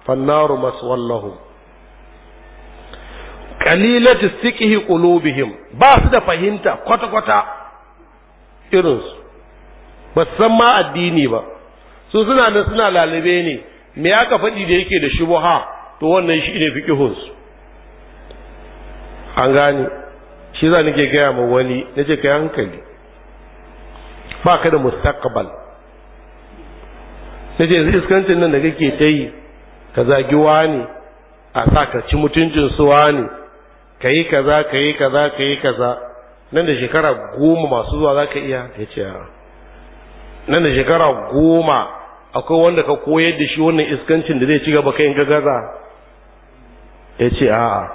S1: fannaru masu wallahu qalilati sikihi qulubihim ba su da fahimta kwata kwata irin su ba san ma addini ba su suna da suna lalube ne me aka faɗi da yake da shubuha to wannan shi ne fiqihun su an gane shi za nake gaya ma wani nace kai hankali ba ka da mustaqbal nace yanzu iskancin nan da kake ta ka zagi wani a sa ka ci mutuncin su wani ka yi kaza ka yi kaza ka yi kaza nan da shekara goma masu zuwa za ka iya ya ce nan da shekara goma akwai wanda ka koyar da shi wannan iskancin da zai ci gaba kayan ga gaza ya ce a'a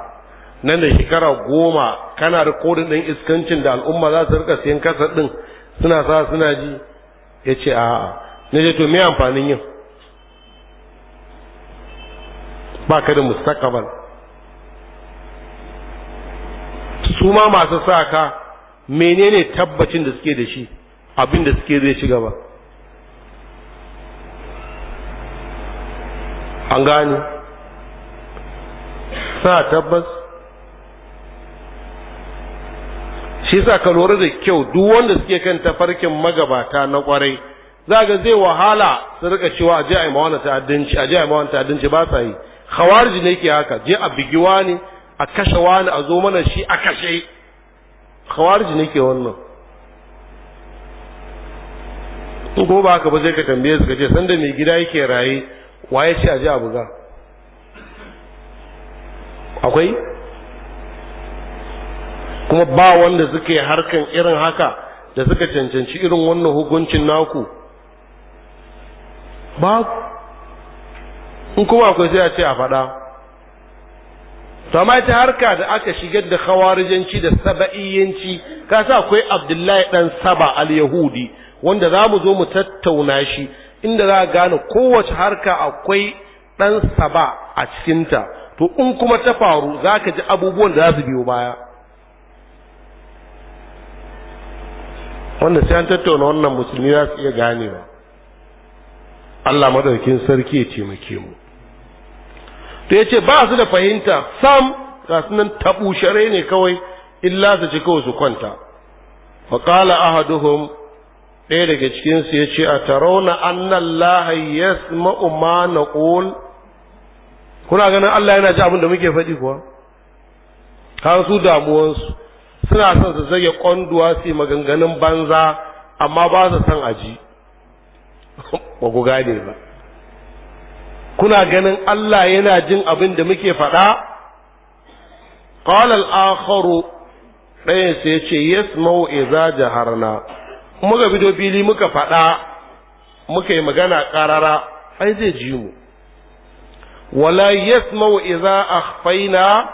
S1: nan da shekara goma kana rikodin ɗin iskancin da al'umma za su rika siyan kasar ɗin suna sa suna ji ya ce a'a na ce to me amfanin yin ba ka da mustakabal su ma masu sa ka menene tabbacin da suke da shi abin da suke zai ci gaba an gane sa tabbas shi sa ka lura da kyau duk wanda suke kan tafarkin magabata na kwarai za ga zai wahala su rika cewa aje a yi mawana ta'addanci aje a yi mawana ta'addanci ba sa yi khawarji ne ke haka je a bigiwa ne a kashe wani a zo mana shi a kashe khawarji ne ke wannan ko ba ka ba zai ka tambaye su ka ce sanda mai gida yake raye waye ce a ji a akwai kuma ba wanda suke harkan irin haka da suka cancanci irin wannan hukuncin naku ba in kuma akwai sai a ce a faɗa to amma ita harka da aka shigar da khawarijanci da saba'iyyanci ka sa akwai abdullahi dan saba al-yahudi wanda za mu zo mu tattauna shi inda za a gane kowace harka akwai dan saba a cikinta to in kuma ta faru za ka ji abubuwan da za su biyo baya wanda sai an tattauna wannan musulmi za su iya ganewa Allah madaukin sarki ya taimake mu to yace ba su da fahimta sam ga sunan tabushare ne kawai illa su ci kawai su kwanta fa qala ahaduhum ɗaya daga cikinsu su yace a tarawna anna allaha yasma'u ma naqul kuna ganin Allah yana ji abin da muke faɗi kuwa kan su damuwansu suna son su zage kwanduwa su maganganun banza amma ba su son aji ba ku gane ba kuna ganin Allah yana jin abin da muke faɗa qala al-akharu ɗayan sai ya ce za idza jaharna muka bido fili muka faɗa muka yi magana ƙarara ai zai ji mu wala Yes yasma'u a faina,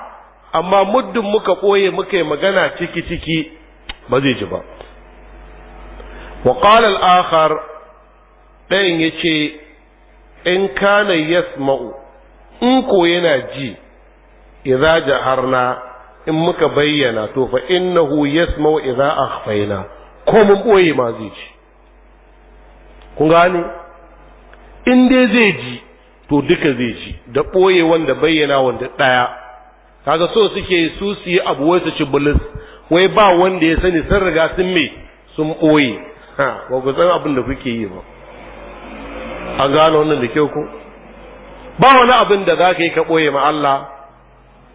S1: amma muddin muka ɓoye muka yi magana ciki ciki ba zai ji ba wa qala al-akhar ɗayan ya ce in kana yasma'u in ko yana ji idza jaharna in muka bayyana to fa innahu yasma'u idza akhfaina ko mun boye ma zai ji kun gane in dai zai ji to duka zai ji da boye wanda bayyana wanda daya kaga so suke su su yi abu wai su ci bulus wai ba wanda ya sani sun riga sun me sun boye ha ba ku san abin da kuke yi ba an gano wannan da kyau ko ba wani abin da za ka yi ka ɓoye ma Allah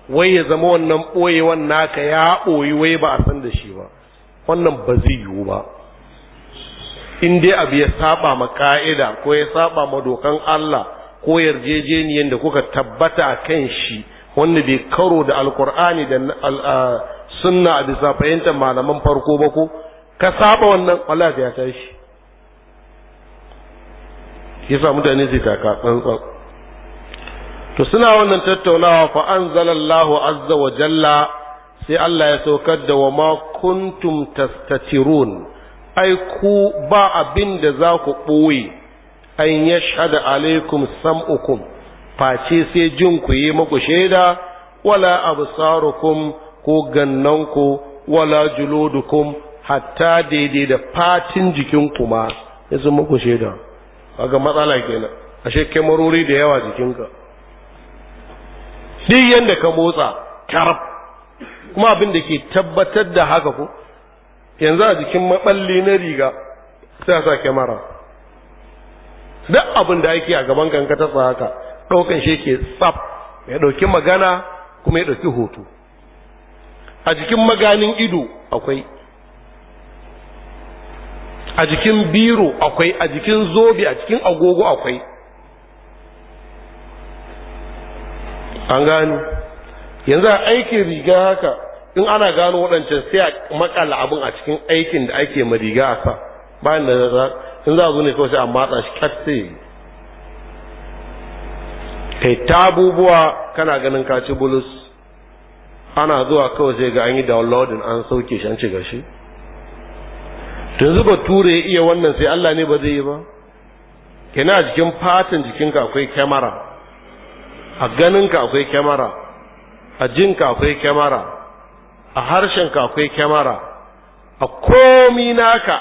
S1: wai ya zama wannan ɓoyewan naka ya ɓoyi wai ba a san da shi ba wannan ba zai yiwu ba in dai abu ya saba ma ka'ida ko ya saba ma dokan Allah ko yarjejeniyan da kuka tabbata a kan shi wanda bai karo da alkur'ani da sunna a bisa fahimtar malaman farko ba ko ka saba wannan Allah ya tashi yasa mutane su taka tsantsan to suna wannan tattaunawa fa anzalallahu azza wa jalla sai Allah ya saukar da wa ma kuntum tastatirun ai ku ba abin da za ku ɓoye an yashhadu alaikum sam'ukum face sai jin ku yi muku shaida wala absarukum ko gannan ku, wala juludukum hatta daidai da fatin ku ma ya muku shaida kaga matsala kenan ashe kemarori da yawa jikinka duk yanda ka motsa karab kuma abin da ke tabbatar da haka ko yanzu a jikin maballi na riga sai sa kyamara duk abin da ake a gaban kanka ta haka ɗaukan shi ke tsaf ya ɗauki magana kuma ya ɗauki hoto a jikin maganin ido akwai a jikin biro akwai a jikin zobe a cikin agogo akwai an gano yanzu a aikin riga haka in ana gano waɗancan sai a makala abin a cikin aikin da ake ma riga a sa bayan da in za a zo ne kawai sai a matsa shi katse kai ta abubuwa kana ganin kaci bulus ana zuwa kawai sai ga an yi downloading an sauke shi an ci gashi to zuba ture ya iya wannan sai Allah ne ba zai yi ba kina jikin fatan jikinka akwai kyamara a ganinka akwai kyamara a jinka akwai kyamara a harshenka akwai kyamara a komi naka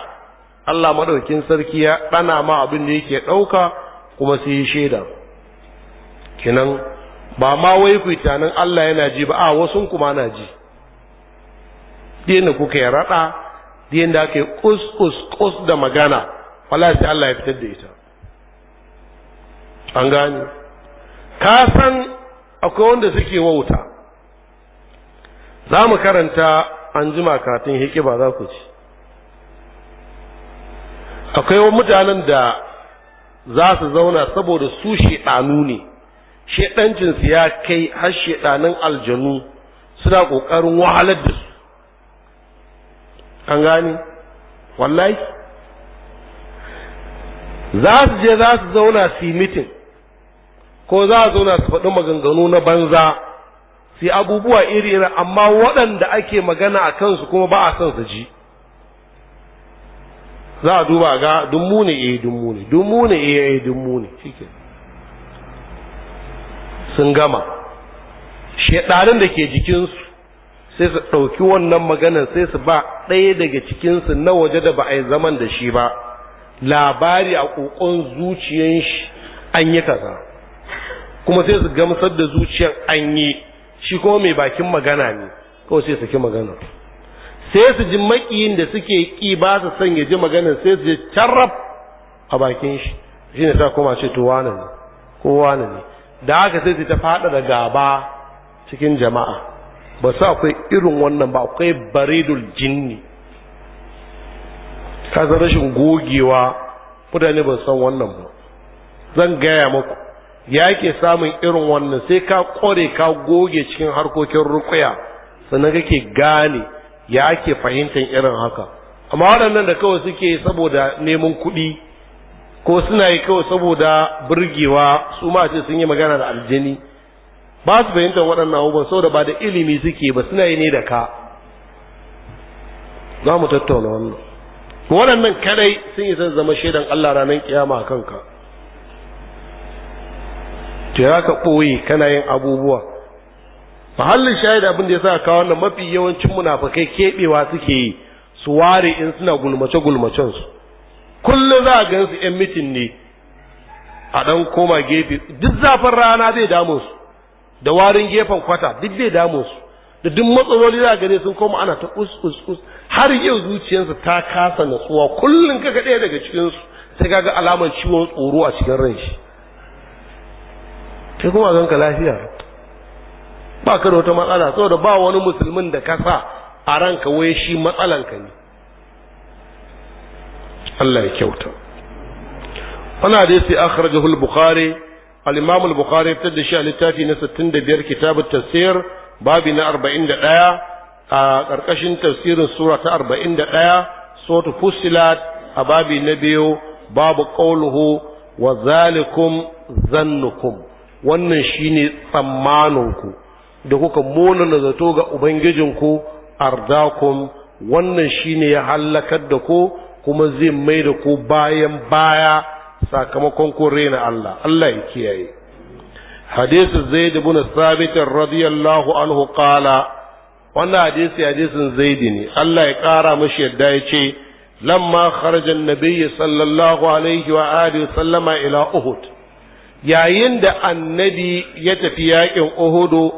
S1: Allah maɗaukin sarki ya ɗana ma abin da yake ɗauka kuma sai yi shaida kinan ba ma wai ku Allah yana ji ba a wasun kuma na ji dina kuka ya raɗa da yadda aka kus kus kus da magana wala Allah ya fitar da ita an gane ka san akwai wanda suke wauta za mu karanta an jima katin ba za ku ci akwai mutanen da za su zauna saboda su shaɗanu ne shaɗancinsu ya kai har shaɗanin aljanu suna ƙoƙarin wahalar da su an gani wallahi za su je za su zauna su yi mitin ko za a zauna su faɗi maganganu na banza su abubuwa iri iri amma waɗanda ake magana a kansu kuma ba a son su ji za a duba ga dummu ne eh dummu ne dummu ne eh eh dummu ne shike sun gama shedanin da ke jikinsu sai su ɗauki wannan maganar sai su ba ɗaya daga cikinsu na waje da ba a yi zaman da shi ba labari a ƙoƙon zuciyan shi an yi kaza kuma sai su gamsar da zuciyan an yi shi kuma mai bakin magana ne kawai sai saki magana sai su ji makiyin da suke ƙi ba su son ya ji magana sai su ji carrab a bakin shi shi ne sa kuma ce to wane ne ko wane ne da haka sai su ta faɗa da gaba cikin jama'a ba su akwai irin wannan ba akwai baridul jinni ka zan rashin gogewa mutane ba san wannan ba zan gaya maku ya ke samun irin wannan sai ka kore ka goge cikin harkokin rukuya sannan kake gane ya ke fahimtar irin haka amma waɗannan da kawai suke saboda neman kuɗi ko suna yi kawai saboda birgewa, su ma ce sun yi magana da aljini ba su fahimtar waɗannan abubuwan saboda ba da ilimi suke ba suna yi ne da ka za mu tattauna wannan waɗannan kadai sun yi son zama shaidan Allah ranar kiyama kanka to ya ka ɓoye kana yin abubuwa mahallin shahid abin da ya sa kawo wannan mafi yawancin munafakai keɓewa suke yi su ware in suna gulmace gulmacen su kullum za a gan yan mitin ne a ɗan koma gefe duk zafin rana zai damu su da warin gefen kwata duk bai damu su da duk matsaloli da gare sun koma ana ta us us us har yau zuciyarsu ta kasa natsuwa kullum kaga ɗaya daga cikin su sai kaga alamar ciwon tsoro a cikin ran shi kai kuma ganka lafiya ba ka da wata matsala saboda ba wani musulmin da kasa sa a ranka wai shi matsalanka ne Allah ya kyauta wannan hadisi akhrajahu al-bukhari al al-bukhari ya fitar da shi littafi na 65 kitab at-tafsir babi na 41 a karkashin tafsirin sura ta 41 suratu fussilat a babi na biyu babu qawluhu wa zalikum zannukum wannan shine ku da kuka mona zato ga ubangijinku ardakum wannan shine ya halakar da ku kuma zai mai da ku bayan baya sakamakon kore rena Allah Allah ya kiyaye hadisu zaid ibn sabit radiyallahu anhu kala, wannan hadisi hadisin zaid ne Allah ya ƙara mashi yadda ya ce lamma kharaja an-nabiy sallallahu alaihi wa alihi sallama ila uhud yayin da annabi ya tafi yakin uhud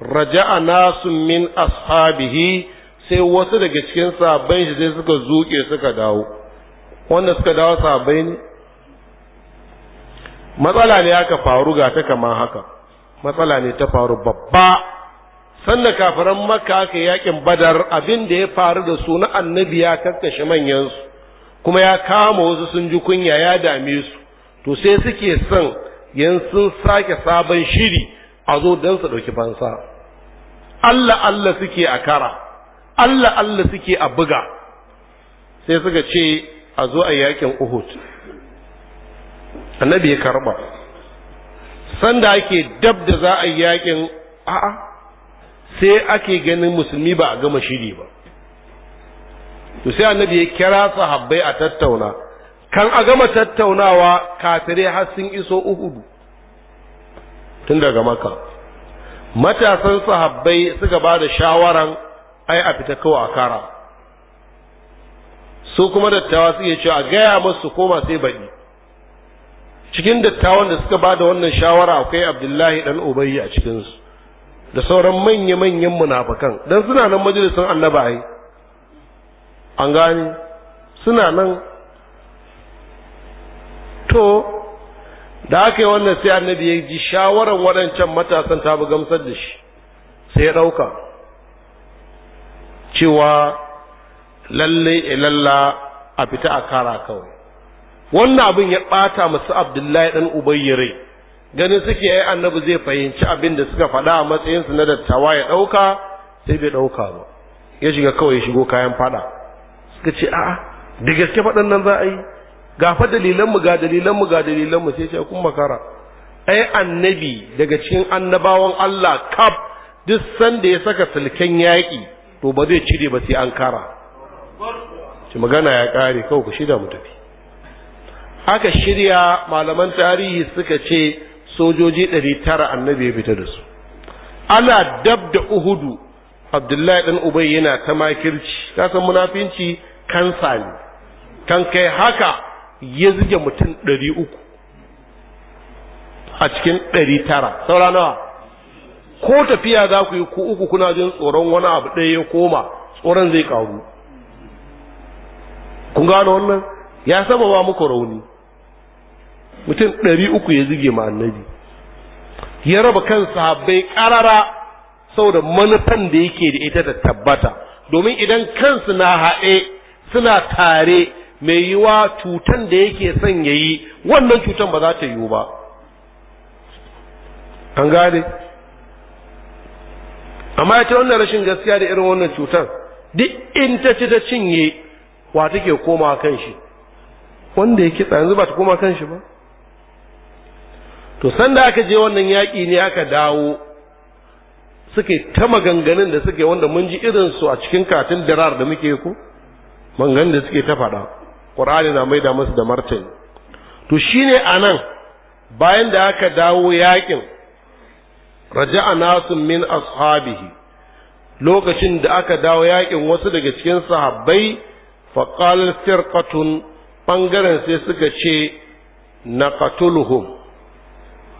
S1: raja'a nasu min ashabihi sai wasu daga cikin sabbin shi sai suka zuke suka dawo wanda suka dawo sahabbai ne matsala ne aka faru ga ta kama haka matsala ne ta faru babba sannan kafiran makka aka yakin badar abin da ya faru da su na annabi ya kakkashe manyansu kuma ya kama wasu sun ji kunya ya dame su to sai suke son yan sun sake sabon shiri a zo don su ɗauki fansa Allah Allah suke a kara Allah Allah suke a buga sai suka ce a zo a yakin Uhud annabi ya karba sanda ake dab da za a yi yakin a'a sai ake ganin musulmi ba a gama shiri ba to sai annabi ya kira sahabbai a tattauna kan a gama tattaunawa kafirai har sun iso uhudu tun daga maka matasan sahabbai suka ba da shawaran ai a fita kawai a kara su kuma dattawa suke cewa a gaya masu koma sai baɗi cikin dattawan da suka ba da wannan shawara akwai abdullahi dan ubayi a cikinsu da sauran manya-manyan munafukan don suna nan majalisun annaba ai an gani suna nan to da aka yi wannan sai annabi ya ji shawarar waɗancan matasan ta bi gamsar da shi sai ya ɗauka cewa lallai ilalla eh, a fita a kara kawai wannan abin ya ɓata masu abdullahi dan ubayyare rai ganin suke ai annabi zai fahimci abin da suka faɗa a matsayin su na dattawa ya ɗauka sai bai ɗauka ba ya shiga kawai ya shigo kayan faɗa suka ce a'a da gaske faɗan nan za a yi ga fa dalilan mu ga dalilan mu ga dalilan mu sai ce kun makara ai annabi daga cikin annabawan Allah kaf duk sanda ya saka silken yaƙi to ba zai cire ba sai an kara ci magana ya ƙare kawai ku shida mu tafi aka shirya malaman tarihi suka ce sojoji ɗari tara annabi ya fita da su ana dab da uhudu abdullahi ɗan ubai yana ta makirci ka san munafinci kansa ne kan kai haka ya zuge mutum ɗari uku a cikin ɗari tara saura nawa ko tafiya za ku yi ku uku kuna jin tsoron wani abu ɗaya ya koma tsoron zai ƙaru kun gano wannan ya saba ba muku rauni mutum ɗari uku ya zige ma annabi ya raba kan sahabbai ƙarara saboda manufan da yake da ita ta tabbata domin idan kansu na haɗe suna tare mai yiwa cutan da yake son ya yi wannan cutan ba za ta yiwu ba an gane amma ya wannan rashin gaskiya da irin wannan cutan duk in ta ci ta cinye wa take koma kan shi wanda ya kitsa yanzu ba ta koma kan shi ba to sanda aka je wannan yaƙi ne aka dawo suke ta maganganun da suke wanda mun ji irin su a cikin katin dirar da muke ku maganganun da suke ta faɗa ƙur'ani na maida musu da martani to shine anan bayan da aka dawo yaƙin raja'a nasun min ashabihi lokacin da aka dawo yakin wasu daga cikin sahabbai faqal firqatun ɓangaren sai suka ce na katuluhum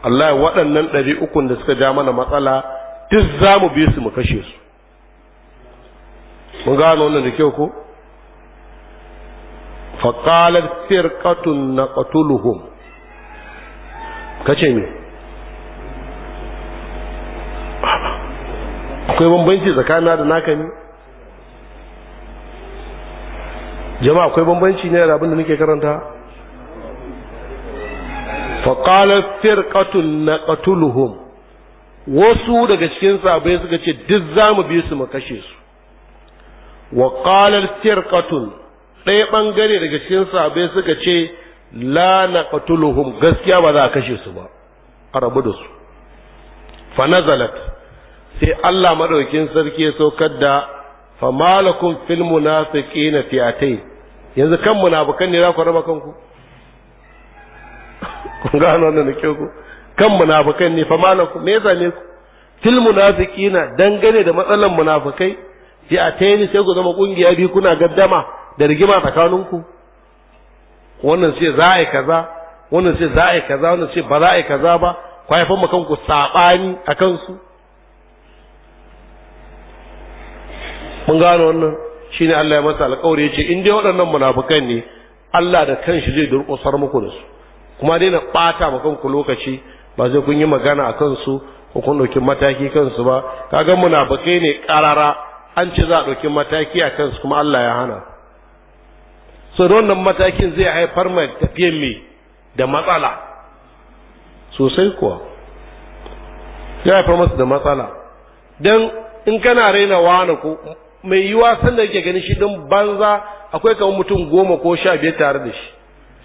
S1: Allah waɗannan ɗari ukun da suka ja mana matsala duk za mu bi su mu kashe su mun gano wannan da kyau ko faƙalar firƙatun na katuluhum kace me akwai bambanci tsakanin da naka ne jama'a akwai bambanci ne da abin nake karanta faƙalar firƙatun na ƙatuluhum wasu daga cikin sabai suka ce duk za mu bi su mu kashe su wa ƙalar firƙatun ɗaya ɓangare daga cikin sabai suka ce la na ƙatuluhum gaskiya ba za a kashe su ba a da su fanazalat sai Allah maɗaukin sarki ya saukar da na fil munafiqina fi'atayn yanzu kan munafukan ne za ku raba kanku kun gano wannan da kyau ku kan munafukan ne fa malaku me yasa ne ku til munafiqina dangane da matsalan munafukai ya atayni sai ku zama kungiya biyu kuna gaddama da rigima tsakaninku wannan sai za a yi kaza wannan sai za a yi kaza wannan sai ba za a yi kaza ba ku haifar mu kanku sabani a kansu mun gano wannan ne Allah ya masa alƙawari ce in dai waɗannan munafukan ne Allah da kanshi zai durƙusar muku da su kuma dai na ɓata ma kanku lokaci ba zai kun yi magana a kansu ko kun ɗauki mataki kansu ba kaga munafukai ne ƙarara an ce za a ɗauki mataki a kansu kuma Allah ya hana so da wannan matakin zai haifar mai tafiyan mai da matsala sosai kuwa zai haifar masu da matsala don in kana raina wani ko mai yiwa sanda yake ganin shi din banza akwai kamar mutum goma ko sha biyar tare da shi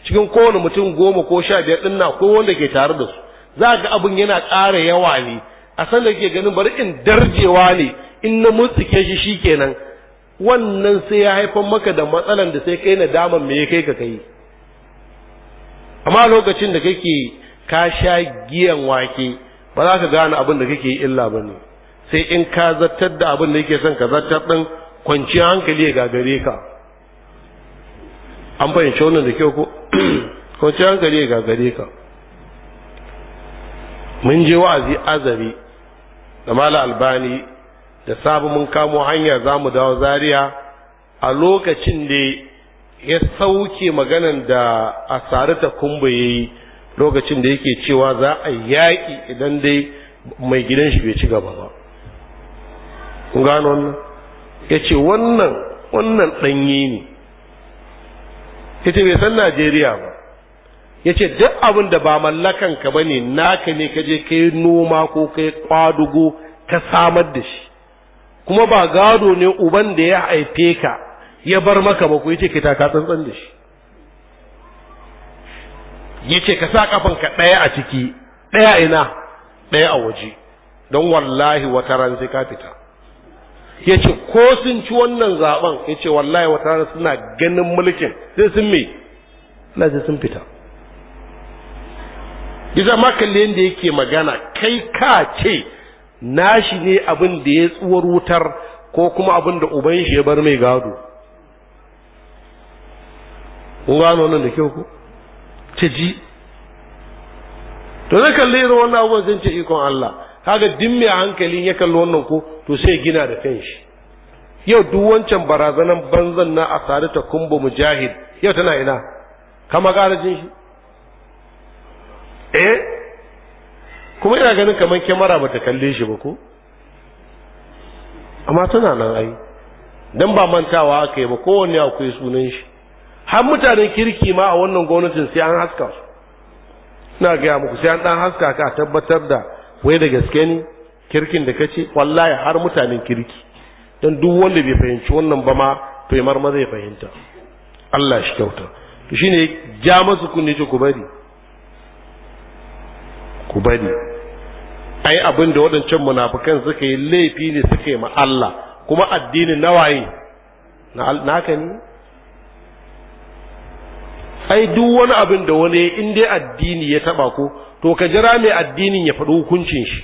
S1: cikin kowane mutum goma ko sha biyar din na akwai wanda ke tare da su za ga abin yana ƙara yawa ne a sanda yake ganin bari in darjewa ne in na mutsike shi shikenan wannan sai ya haifar maka da matsalan da sai kai na daman me kai ka kai amma lokacin da kake ka sha giyan wake ba za ka gane abin da kake yi illa ba ne sai in ka zartar da abin da yake son ka zartar din kwanciyar hankali ya gagare ka an fahimci wannan da kyau ko kwanciyar hankali ya gagare ka mun je wa'azi azari da mala albani da sabu mun kamo hanya za mu dawo zaria a lokacin da ya sauke maganan da a tsari ta kumba lokacin da yake cewa za a yaƙi idan dai mai gidan shi bai ci gaba ba kun gano wannan ya ce wannan wannan ɗanye ne ya ce bai san najeriya ba ya ce duk abin da ba mallakan ka ba ne naka ne ka je kai noma ko kai yi kwadugo ka samar da shi kuma ba gado ne uban da ya haife ka ya bar maka ba ko ya ce ka taka tsantsan da shi ya ce ka sa kafanka ɗaya a ciki ɗaya ina ɗaya a waje don wallahi wata ran sai ka fita ya ce ko sun ci wannan zaben ya ce wallahi wata rana suna ganin mulkin sai sun me na sai sun fita isa ma kalli yadda yake magana kai ka ce nashi ne abin da ya tsuwar wutar ko kuma abin da uban shi ya bar mai gado kun gano nan da kyau ko ce ji to zai kalli irin wannan abubuwan sun ce ikon Allah kaga duk mai hankali ya kalli wannan ko to sai gina da kanshi yau duk wancan barazanan banzan na tare ta kumbo mujahid yau tana ina kama garajin shi eh kuma ina ganin kamar kyamara bata kalle shi ba ko amma tana nan ai dan ba mantawa aka yi ba kowanne akwai sunan shi har mutanen kirki ma a wannan gwamnatin sai an haska su ina gaya muku sai an dan haska ka tabbatar da wai da gaske ne kirkin da kace wallahi har mutanen kirki dan duk wanda bai fahimci wannan ba ma to mar ma zai fahimta Allah shi kyauta to shine ja masu kunne ce ku bari ku bari ai abin da waɗancan munafikan suka yi laifi ne suka yi ma Allah kuma addinin nawaye na naka ne ai duk wani abin da wani in dai addini ya taba ko to ka jira mai addinin ya faɗi hukuncin shi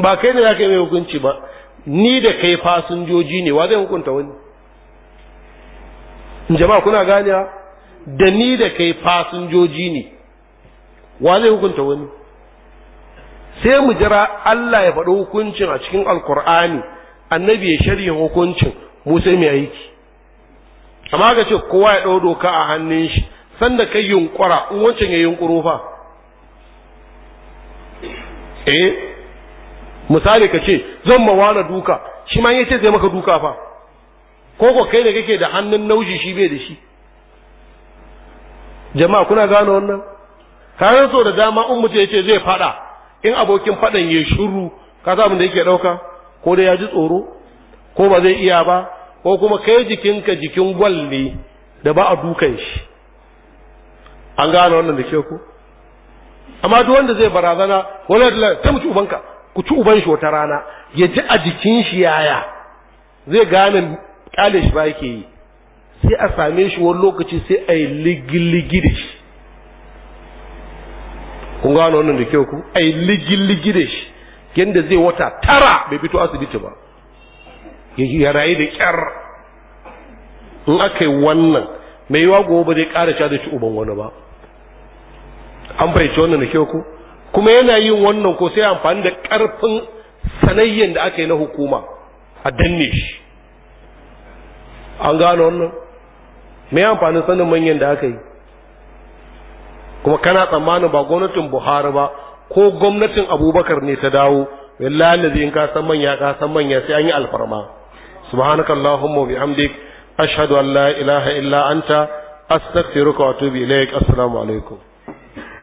S1: ba kai ne za ka yi mai hukunci ba ni da kai fasinjoji ne wa zai hukunta wani jama'a kuna ganewa da ni da kai fasinjoji ne wa zai hukunta wani sai mu jira Allah ya faɗi hukuncin a cikin alkur'ani annabi ya shirya hukuncin mu sai mu aiki amma ka ce kowa ya ɗau doka a hannun shi sanda kai yunkura in wancan ya yunkuro fa eh misali ka ce zan ma wani duka shi ma yace zai maka duka fa ko ko kai ne kake da hannun nauji shi bai da shi jama'a kuna gane wannan kayan so da dama in mutum ce zai fada in abokin fadan ya shiru ka abin da yake dauka ko da ya ji tsoro ko ba zai iya ba ko kuma kai jikinka jikin gwal ne da ba a dukan shi an gane wannan da ke ku amma duk wanda zai barazana wala ta mutu ubanka ku ci uban shi wata rana ya ji a jikin shi yaya zai gane kale shi ba yake yi sai a same shi wani lokaci sai a yi ligiligi da shi kun gano wannan da kyau ku a yi ligiligi da shi yadda zai wata tara bai fito asibiti ba ya rayu da kyar in aka yi wannan mai yiwa gobe ba zai kara sha ci uban wani ba an fahimci wannan da kyau ku kuma yana yin wannan ko sai amfani da ƙarfin sanayyar da aka yi na hukuma a danne shi an gano wannan me amfanin sanin manyan da aka yi kuma kana tsammanin ba gwamnatin buhari ba ko gwamnatin abubakar ne ta dawo wallahi lazi in ka san manya ka san manya sai an yi alfarma subhanakallahumma wa bihamdik ashhadu an la ilaha illa anta astaghfiruka wa atubu ilaik assalamu alaikum